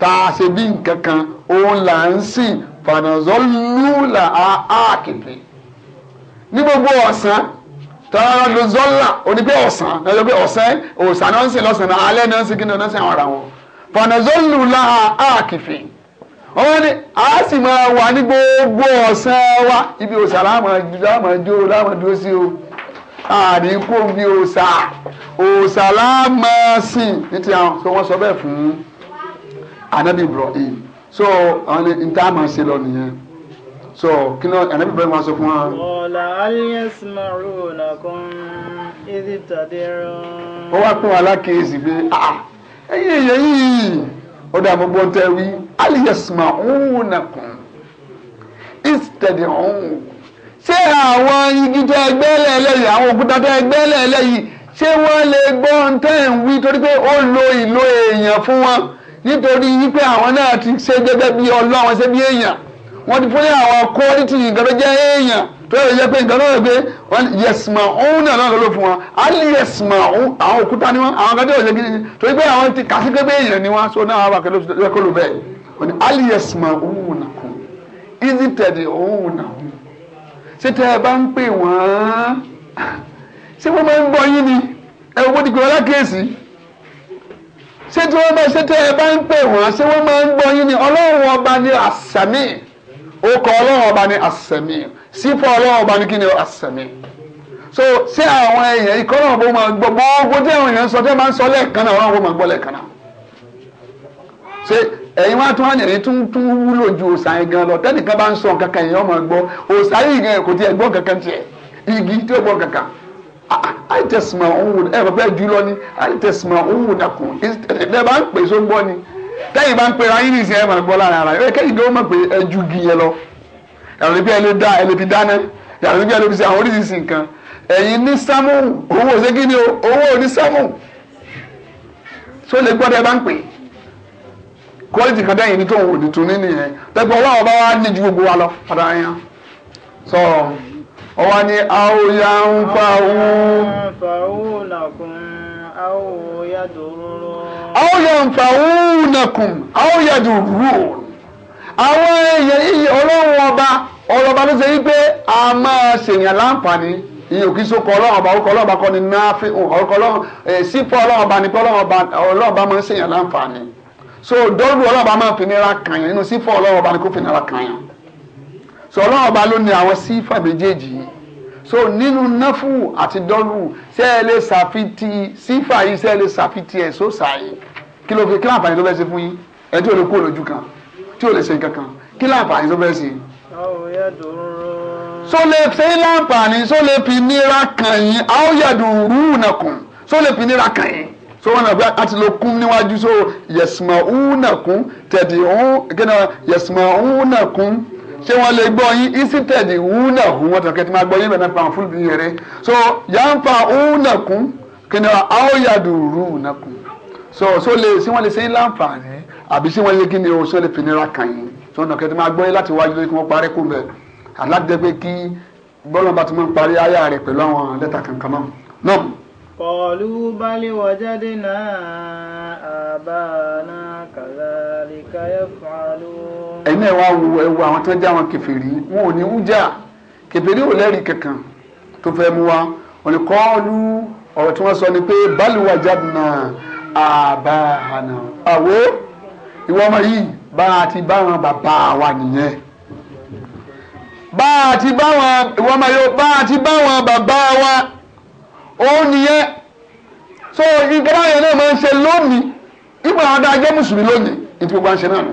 tá a ṣe bí nǹkan kan òun là ń sìn fànàzọ́ lùlà àákìlì ní gbogbo ọ̀sán tọ́lọ́dún zọ́là oní pé ọ̀sán lọ́jọ́ pé ọ̀sán òòsàn náà ń sìn lọ́sàn-án alẹ́ náà ń sìn kí náà ń sìn àwọn ara wọn fànàzọ́ lùlà àákìlì wọ́n ní a sì máa wà ní gbogbo ọ̀sán wa ibi òòṣà lámàjó lámàdúró sí o àdínkù bí òòṣà òòṣà lámàsìn ní ti àwọn tó wọ́n sọ bẹ́ẹ̀ fún un anabi ibrahim so àwọn ni n tá a máa ṣe lọ nìyẹn so kí ni anabi ibrahim wá sọ fún wa. ọ̀la aliyasmarunakum ìdí tàdérò. ó wá pín wàhálà kéésì pé ẹyẹ ah, ẹyẹ yìí ó dà mọ́ gbọ́n tẹ́ wí aliyasmarunakum ìtẹ̀dẹ̀ ọ̀hún ṣé àwọn igi tẹ ẹgbẹ́ lẹ́lẹ́yìí àwọn òkúta tẹ ẹgbẹ́ lẹ́lẹ́yìí ṣé wọ́n lè gbọ́ ń ń wí torí pé ó lo ìlò èèyàn fún wọn. nítorí wípé àwọn náà ti ṣe gẹ́gẹ́ bí ọlọ́run ṣe bí èèyàn wọ́n ti fún àwọn kọ́ọ́lítì nǹkan tó jẹ́ èèyàn tó yẹ jẹ́ pé nǹkan náà rẹ̀ wọ́n yẹ̀sùmọ̀ òun náà lọ́dọ̀ ló fún wọn á yẹ̀sùmọ̀ òun àwọn òkúta ni wọ́n àwọn ti kàṣí pé èèyàn ni so náà wà kẹ́lẹ́ ló bẹ́ẹ̀ wọ́n ni yẹ̀sùmọ̀ òun tẹ̀dí òun ṣé tẹ́ ẹ bá ń pè wọ́n ṣé wọ́n máa ń gbọ́ yín ṣé tí wọ́n bá ṣe tẹ́ ẹ bá ń pè wọ́n ṣé wọ́n máa ń gbọ́ yín ni ọlọ́run ọba ní ọlọ́run ọba ní asami. Sịfọ ọlọ́run ọba ní kí ni so ṣé àwọn èèyàn ikọ́ náà bó máa gbọ́ gbogbo tí àwọn èèyàn ń sọ tí wọ́n máa ń sọ lẹ́ẹ̀kan náà wọ́n máa gbọ́ lẹ́ẹ̀kan náà ṣé ẹ̀yin wá tún àyẹ̀rẹ́ tún tún wúlò ju yìí gan lọ tẹ́nìkan àìtẹ̀sìmọ̀ òun ẹ̀ bàbá ẹ̀ jù lọ ni àìtẹ̀sìmọ̀ òun nàkùn ẹ̀ bá ń pè só ń gbọ́ ni tẹ́yìn bá ń pè ráyìn nìsín ẹ̀ máa gbọ́ lára ara ẹ̀ kẹ́yìn tó mọ̀ pé ẹ̀ ju gi yẹn lọ ẹ̀rọ níbi ẹ̀ lè dá ẹ̀ lè fi dáná ẹ̀rọ níbi ẹ̀ lè fi ṣe àwọn oríṣiríṣi nǹkan ẹ̀yin ní sámù owó ṣé kí ni owó ní sámù tó lè gbọ́ tẹ́ bá ń pè kọ́lẹ́tì kan tẹ́yìn ní tóun òdì tún ní nìyẹn tẹ́gbọ́n wà So ọwọ́ ni àwòyá ń fa òun. àwòyá ń fa òun nàkùn àwòyá dùrú. àwọn èèyàn iyì ọlọ́run ọba ọlọ́ba ló ṣe yí pé a máa ṣèyàn láǹfààní iye òkè sókò ọlọ́run ọba orúkọ ọlọ́run ọba kọ́ ni náàfi orúkọ ọlọ́run sípò ọlọ́run ọba nípa ọlọ́run ọba máa ń ṣèyàn láǹfààní so dọ́rùbù ọlọ́run ọba máa fi nira kàn yàn nínú sípò ọlọ́run ọba ni kò fi nira kàn yàn so ọlọ́run ọba ló ní àwọn sífà méjèèjì yìí so nínú náfù àti dọ́lù ṣé ẹ lè ṣàfitì sífà yìí ṣé ẹ lè ṣàfitì ẹ̀ sóòsà yìí kí ló fi kí láǹfààní tó fẹ́ ṣe fún yín ẹ tí ò lè kú òlójú kan tí ò lè ṣe nǹkan kan kí láǹfààní tó fẹ́ ṣe. so lè ṣe láǹfààní so lè fi nira kàn yín àwòyàdùn rúùnàkùn so lè fi nira kàn yín so wọn nàbẹ àti ló kún níwájú so yẹsùmọ̀ òun nàkún tẹ̀dí òun yẹsùmọ̀ òun nàkún ṣé wọ́n lè gbọ́ yín ìsítẹ̀dì wúnà kún wọ́n tẹ̀kẹ́ tí máa gbọ́ yín bẹ̀rẹ̀ pa àwọn fúlùbí yẹrẹ so yàǹfà wúnà kún kìnà àwòyàdù rúùnà kún so so lè ṣé wọ́n lè ṣe yín láǹfààní àbí ṣé wọ́n lè kí ni o ṣé wọ́n lè finira kàn yín so tẹ̀kẹ́ tí máa gbọ́ yín láti wájú lórí kí wọ́n parẹ́ kú bẹ̀ aládẹ́gbẹ́ kí bọ́lá bá ti máa parí ayá rẹ̀ pẹ̀lú àwọn lẹ́tà kankan náà náà قالوا بل وجدنا آبانا كذلك يفعلون ẹ̀yin náà wá wo ẹwu àwọn tó jẹ́ àwọn kẹfìrí wọn ò ní wújà kẹfìrí ò lẹ́rìí kankan tó fẹ́ mú wa wọn ni kọ́ọ̀lù ọ̀rọ̀ tí wọ́n sọ ni pé bal wajadna àbáhànà àwo ìwọ ọmọ yìí bá a ti bá wọn bàbá wa nìyẹn bá a ti bá wọn ìwọ ọmọ yìí bá a ti bá wọn bàbá wa. òun nìyẹn so nǹkan báyẹn náà máa ń ṣe lónìí ìgbà àwọn adájọ́ mùsùlùmí lónìí ìtì gbogbo à náà nù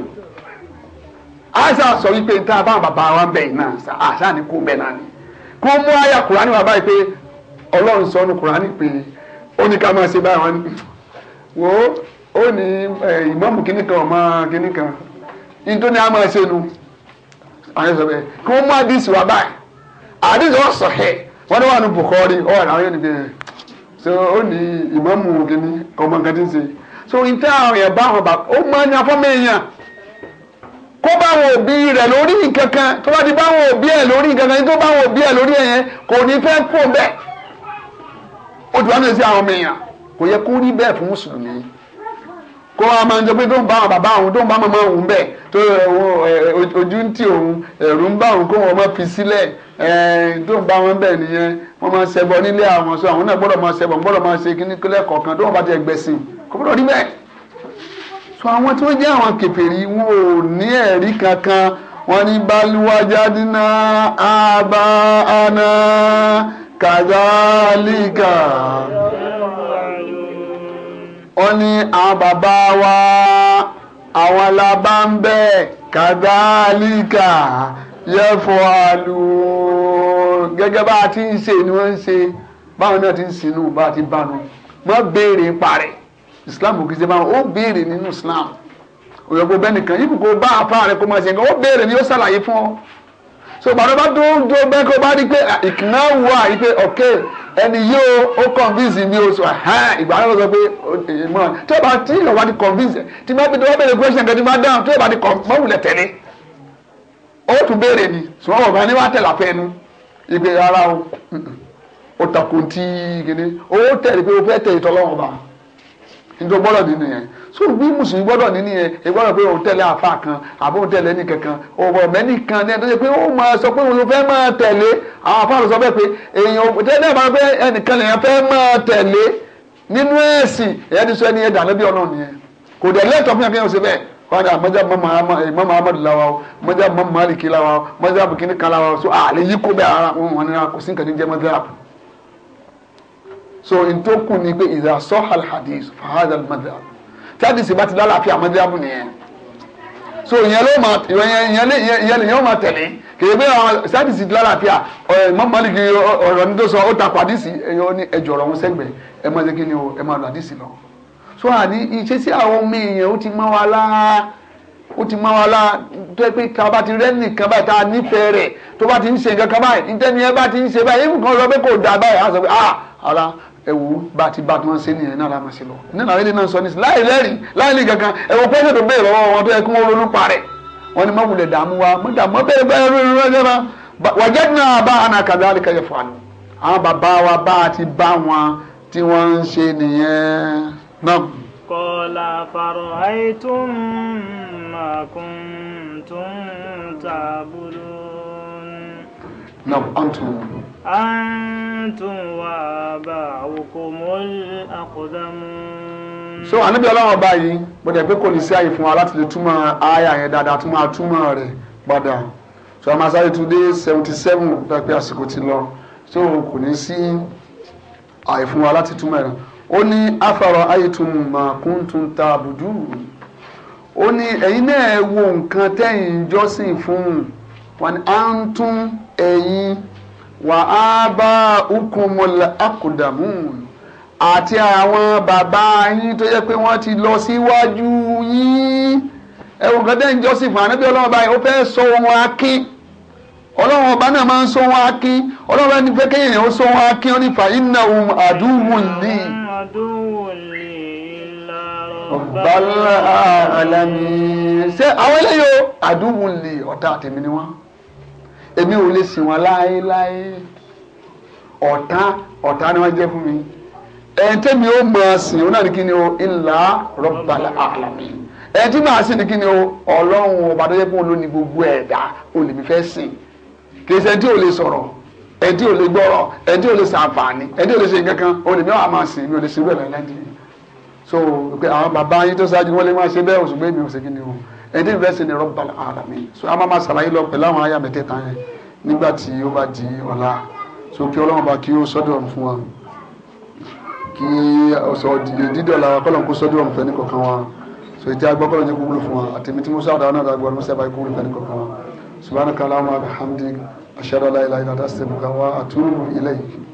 àṣà sọ wípé ní a bàbá wa bẹ̀ náà àṣà ni kò bẹ̀ náà ni kó mú àyà kùránì wà báyìí pé ọlọ́run sọ ọ́nù kùránì pé ó ní ká máa ṣe báyìí wọn wò ó ó ní ìmọ̀mù kínní kan ọmọ kínní kan nítorí ní a máa ṣe nu wọ́n ní wà ní Bukhari ọ̀ àwọn yóò nìgbẹ́ yẹn so ó ní ìmáàmù kìíní ọmọ nǹkan tí ń ṣe so ìtẹ́ àwọn yẹn bá wọn bá ó máa ń yan fọ́mọ èèyàn kó bá wọn òbí rẹ̀ lórí nǹkan kan tó bá ti bá wọn òbí ẹ̀ lórí nǹkan kan tó bá wọn òbí ẹ̀ lórí ẹ̀ yẹn kò ní fẹ́ fò bẹ́ẹ̀ ó ti wá ní ẹsẹ̀ àwọn ọmọ èèyàn kò yẹ kó rí bẹ́ẹ̀ fún mùsùlùmí kó wa máa ń jẹ pé tó ń bá àwọn bàbá òun tó ń bá màmá òun bẹ̀ tó ojú ń tì òun ẹ̀rù ń bá òun kó wọn máa fi sílẹ̀ tó ń bá wọn bẹ̀ nìyẹn wọ́n máa ṣẹbọ nílé àwọn sọ àwọn náà gbọ́dọ̀ máa ṣẹbọ gbọ́dọ̀ máa ṣe kíní kílẹ̀ kọ̀ọ̀kan tó wọn bá ti ẹgbẹ̀sìn kò gbọ́dọ̀ rí bẹ́ẹ̀. so àwọn tó jẹ́ àwọn kèfèrí wọn ò ní ẹ̀rí kankan wọ́n ní balùwàjádínà àbá àná kàdálíkà ó ní àwọn bàbá wa àwọn la bá ń bẹ́ẹ̀ kàdálíkà yẹ́fọ́ àlù gẹ́gẹ́ bá a ti ń ṣe ni wọ́n ń ṣe báwọn náà ti ń sinú bá a ti bánu wọ́n béèrè parẹ́ Islam kì í ṣe báwọn ó béèrè nínú Islam òyìnbó bẹ́ẹ̀ nìkan yìí kò bá apá rẹ̀ kó máa ṣe nǹkan ó béèrè ni ó ṣàlàyé fún ọ so gbàdúrà bá tó tó bẹ́ẹ̀ kó bá rí pé ah, ìkìnnà wà yìí pé ok ẹni yóò ó convince mi o so ìgbà yóò sọ pé ìmọ̀ tí o bá tí ìyàn wá ti convince tí máa bí tí wọ́n bẹ̀rẹ̀ question kan tí máa dáhùn tí o bá ti mọ̀wùlẹ̀ tẹ̀lé ó tún béèrè ni ṣùgbọ́n ọ̀gá ni wàá tẹ̀lé àfẹnu ìgbé rárá o ó takò tí kìíní ó tẹ̀lé pé o fẹ́ tẹ̀lé tọ́lọ́wọ́n bá nítorí bọ́lọ̀ nínú yẹn so bí mùsùlùmí gbọ́dọ̀ ní nìyẹn ẹ gbọ́dọ̀ pé òun tẹ̀lé àfa kan àbó òun tẹ̀lé nìkankan ọ̀rọ̀ mẹ́ni kan ní ẹ̀dọ́jẹ́ pé ó máa sọ pé òun fẹ́ máa tẹ̀lé àwọn àfa lọ sọ bẹ́ẹ̀ pé èèyàn tẹ́lẹ̀ máa fẹ́ ẹnìkan lèèyàn fẹ́ máa tẹ̀lé nínú ẹ̀sìn ẹ̀yẹ́ ti sọ ẹni ẹ̀dà lẹ́bí ọlọ́run yẹn kò dẹ̀ lẹ́tọ̀ fún ẹ̀kẹ́ ọ̀sẹ̀ bẹ́ẹ̀ kọ́dà mọ́jà mọ́ eh, muhammadu lawa o mọ́jà mọ́ maliki lawa o mọ́jà bukini kala wa o so àlè yìí kó bẹ́ẹ̀ ara wọn ni kò sí nǹkan ní jẹ́ mọ́jà bù so ntòkùn ni pé ìdásọ́ alhadis fahadal madhab tádìsì bá ti lálàáfíà mọ́díábù nìyẹn so ìyẹn ló máa ìyẹn ìyẹn ìyẹn ìyẹn ó máa tẹ̀lé kì í pé àwọn sádìsì ti lálàáfíà mọ́mọ́lìkì ọ̀rọ̀ ní tó sọ ó takò àdìsì ẹ̀yọ́ ní ẹjọ́ ọ̀rọ̀ wọn sẹ́gbẹ̀ẹ́ ẹ máa ṣe ni o ẹ máa lọ àdìsì lọ. so àní iṣẹ́ sí àwọn ọmọ èèyàn ó ti mọ́ wa láá ó ti mọ́ wa lára tó yẹ pé ká bá ti rẹ́ nìkan báyìí tá ah ara ẹwù bá ti bá tí wọn ṣe nìyẹn náà lámà sí lọ nínú àwọn ilé náà sọ ní láì lẹ́rìí láì ní kankan ẹwù pẹ́ẹ́sì tó bẹ́ẹ̀ lọ́wọ́ wọn tó yẹ kí wọ́n ronú parẹ́ wọn ni mọ̀wulẹ̀ dààmú wa mọ̀ dààmú bẹ́ẹ̀ bẹ́ẹ̀ ronú rẹ̀ wàjẹ́ ní àbá àná kàdáàlì kẹyẹ fàánù àwọn bàbá wa bá ti bá wọn tí wọ́n ń ṣe nìyẹn náà. kọ́lá fàrọ̀ àìtún màkún tún tàbúrò antum wa aba'ukum al-aqdamun. so ànábi ọlọ́run ọba yìí mo dẹ̀ pé kò ní sí àyè fún wa láti lè túmọ̀ àyà yẹn dáadáa tó máa túmọ̀ rẹ̀ padà so àmọ́ sáré tún dé seventy seven dápẹ́ àsìkò ti lọ so kò ní sí àyè fún wa láti túmọ̀ rẹ̀ ó ní afárọ̀ ayétum mà kuntum ta'budu ó ní ẹ̀yin náà wo nǹkan tẹ́yin jọ́sìn fún wọn à ń tún ẹ̀yin. Wa á bá àti àwọn bàbá yín tó yẹ pé wọ́n ti lọ síwájú yín ẹ̀wọ̀n kan tẹ́ ń fún ànábì ọlọ́run báyìí ó fẹ́ sọ wọn akín ọlọ́run ọba náà máa ń sọ wọn akín ọlọ́run bá ní kéèyàn ó sọ wọn akín ó ní ohun àdúhùn ní. ṣé àwọn eléyìí èmi ò lè sìn wọn láéláé ọ̀tá ọ̀tá ni wọ́n jẹ́ fún mi ẹ̀yìn tẹ́mi ó máa sìn ó náà ní kí ni o ìlà Rabbal alamin ẹ̀yìn tí màá sìn ní kí ni o ọlọ́run ọba tó yẹ kó ló ní gbogbo ẹ̀dá olèmí fẹ́ sìn kì í ṣe ẹni tí ò lè sọ̀rọ̀ ẹni tí ò lè gbọ́rọ̀ ẹni ò lè ṣàǹfààní ẹni ò lè ṣe nǹkan kan olèmí máa sìn mi ò lè ṣe bẹ́ẹ̀ lẹ́yìn so àwọn bàbá yín tó ṣáájú wọ́n lè máa ṣe bẹ́ẹ̀ òṣùgbọ́n èmi ò ṣe kí ni o ẹni bẹ́ẹ̀ sì ni Rabbal Alamin so a máa ma ṣàlàyé lọ pẹ̀lú àwọn àyà mẹ́tẹ̀ẹ̀ta yẹn nígbà tí ó bá di ọ̀la so kí ọlọ́run bá kí ó sọ́dọ̀ fún wa kí ọ̀sọ̀ dídọ̀ la kọ́lọ̀ kó sọ́dọ̀ fún ẹni kọ̀ọ̀kan wa so ìjà gbọ́ kọ́lọ̀ jẹ́ kó wúlò fún wa àtẹ̀mí tí musa àdáwọn náà gbọ́ musa báyìí kó fún ẹni kọ̀ọ̀kan wa subhanaka Allahumma bihamdik ashhadu an la ilaha illa anta astaghfiruka wa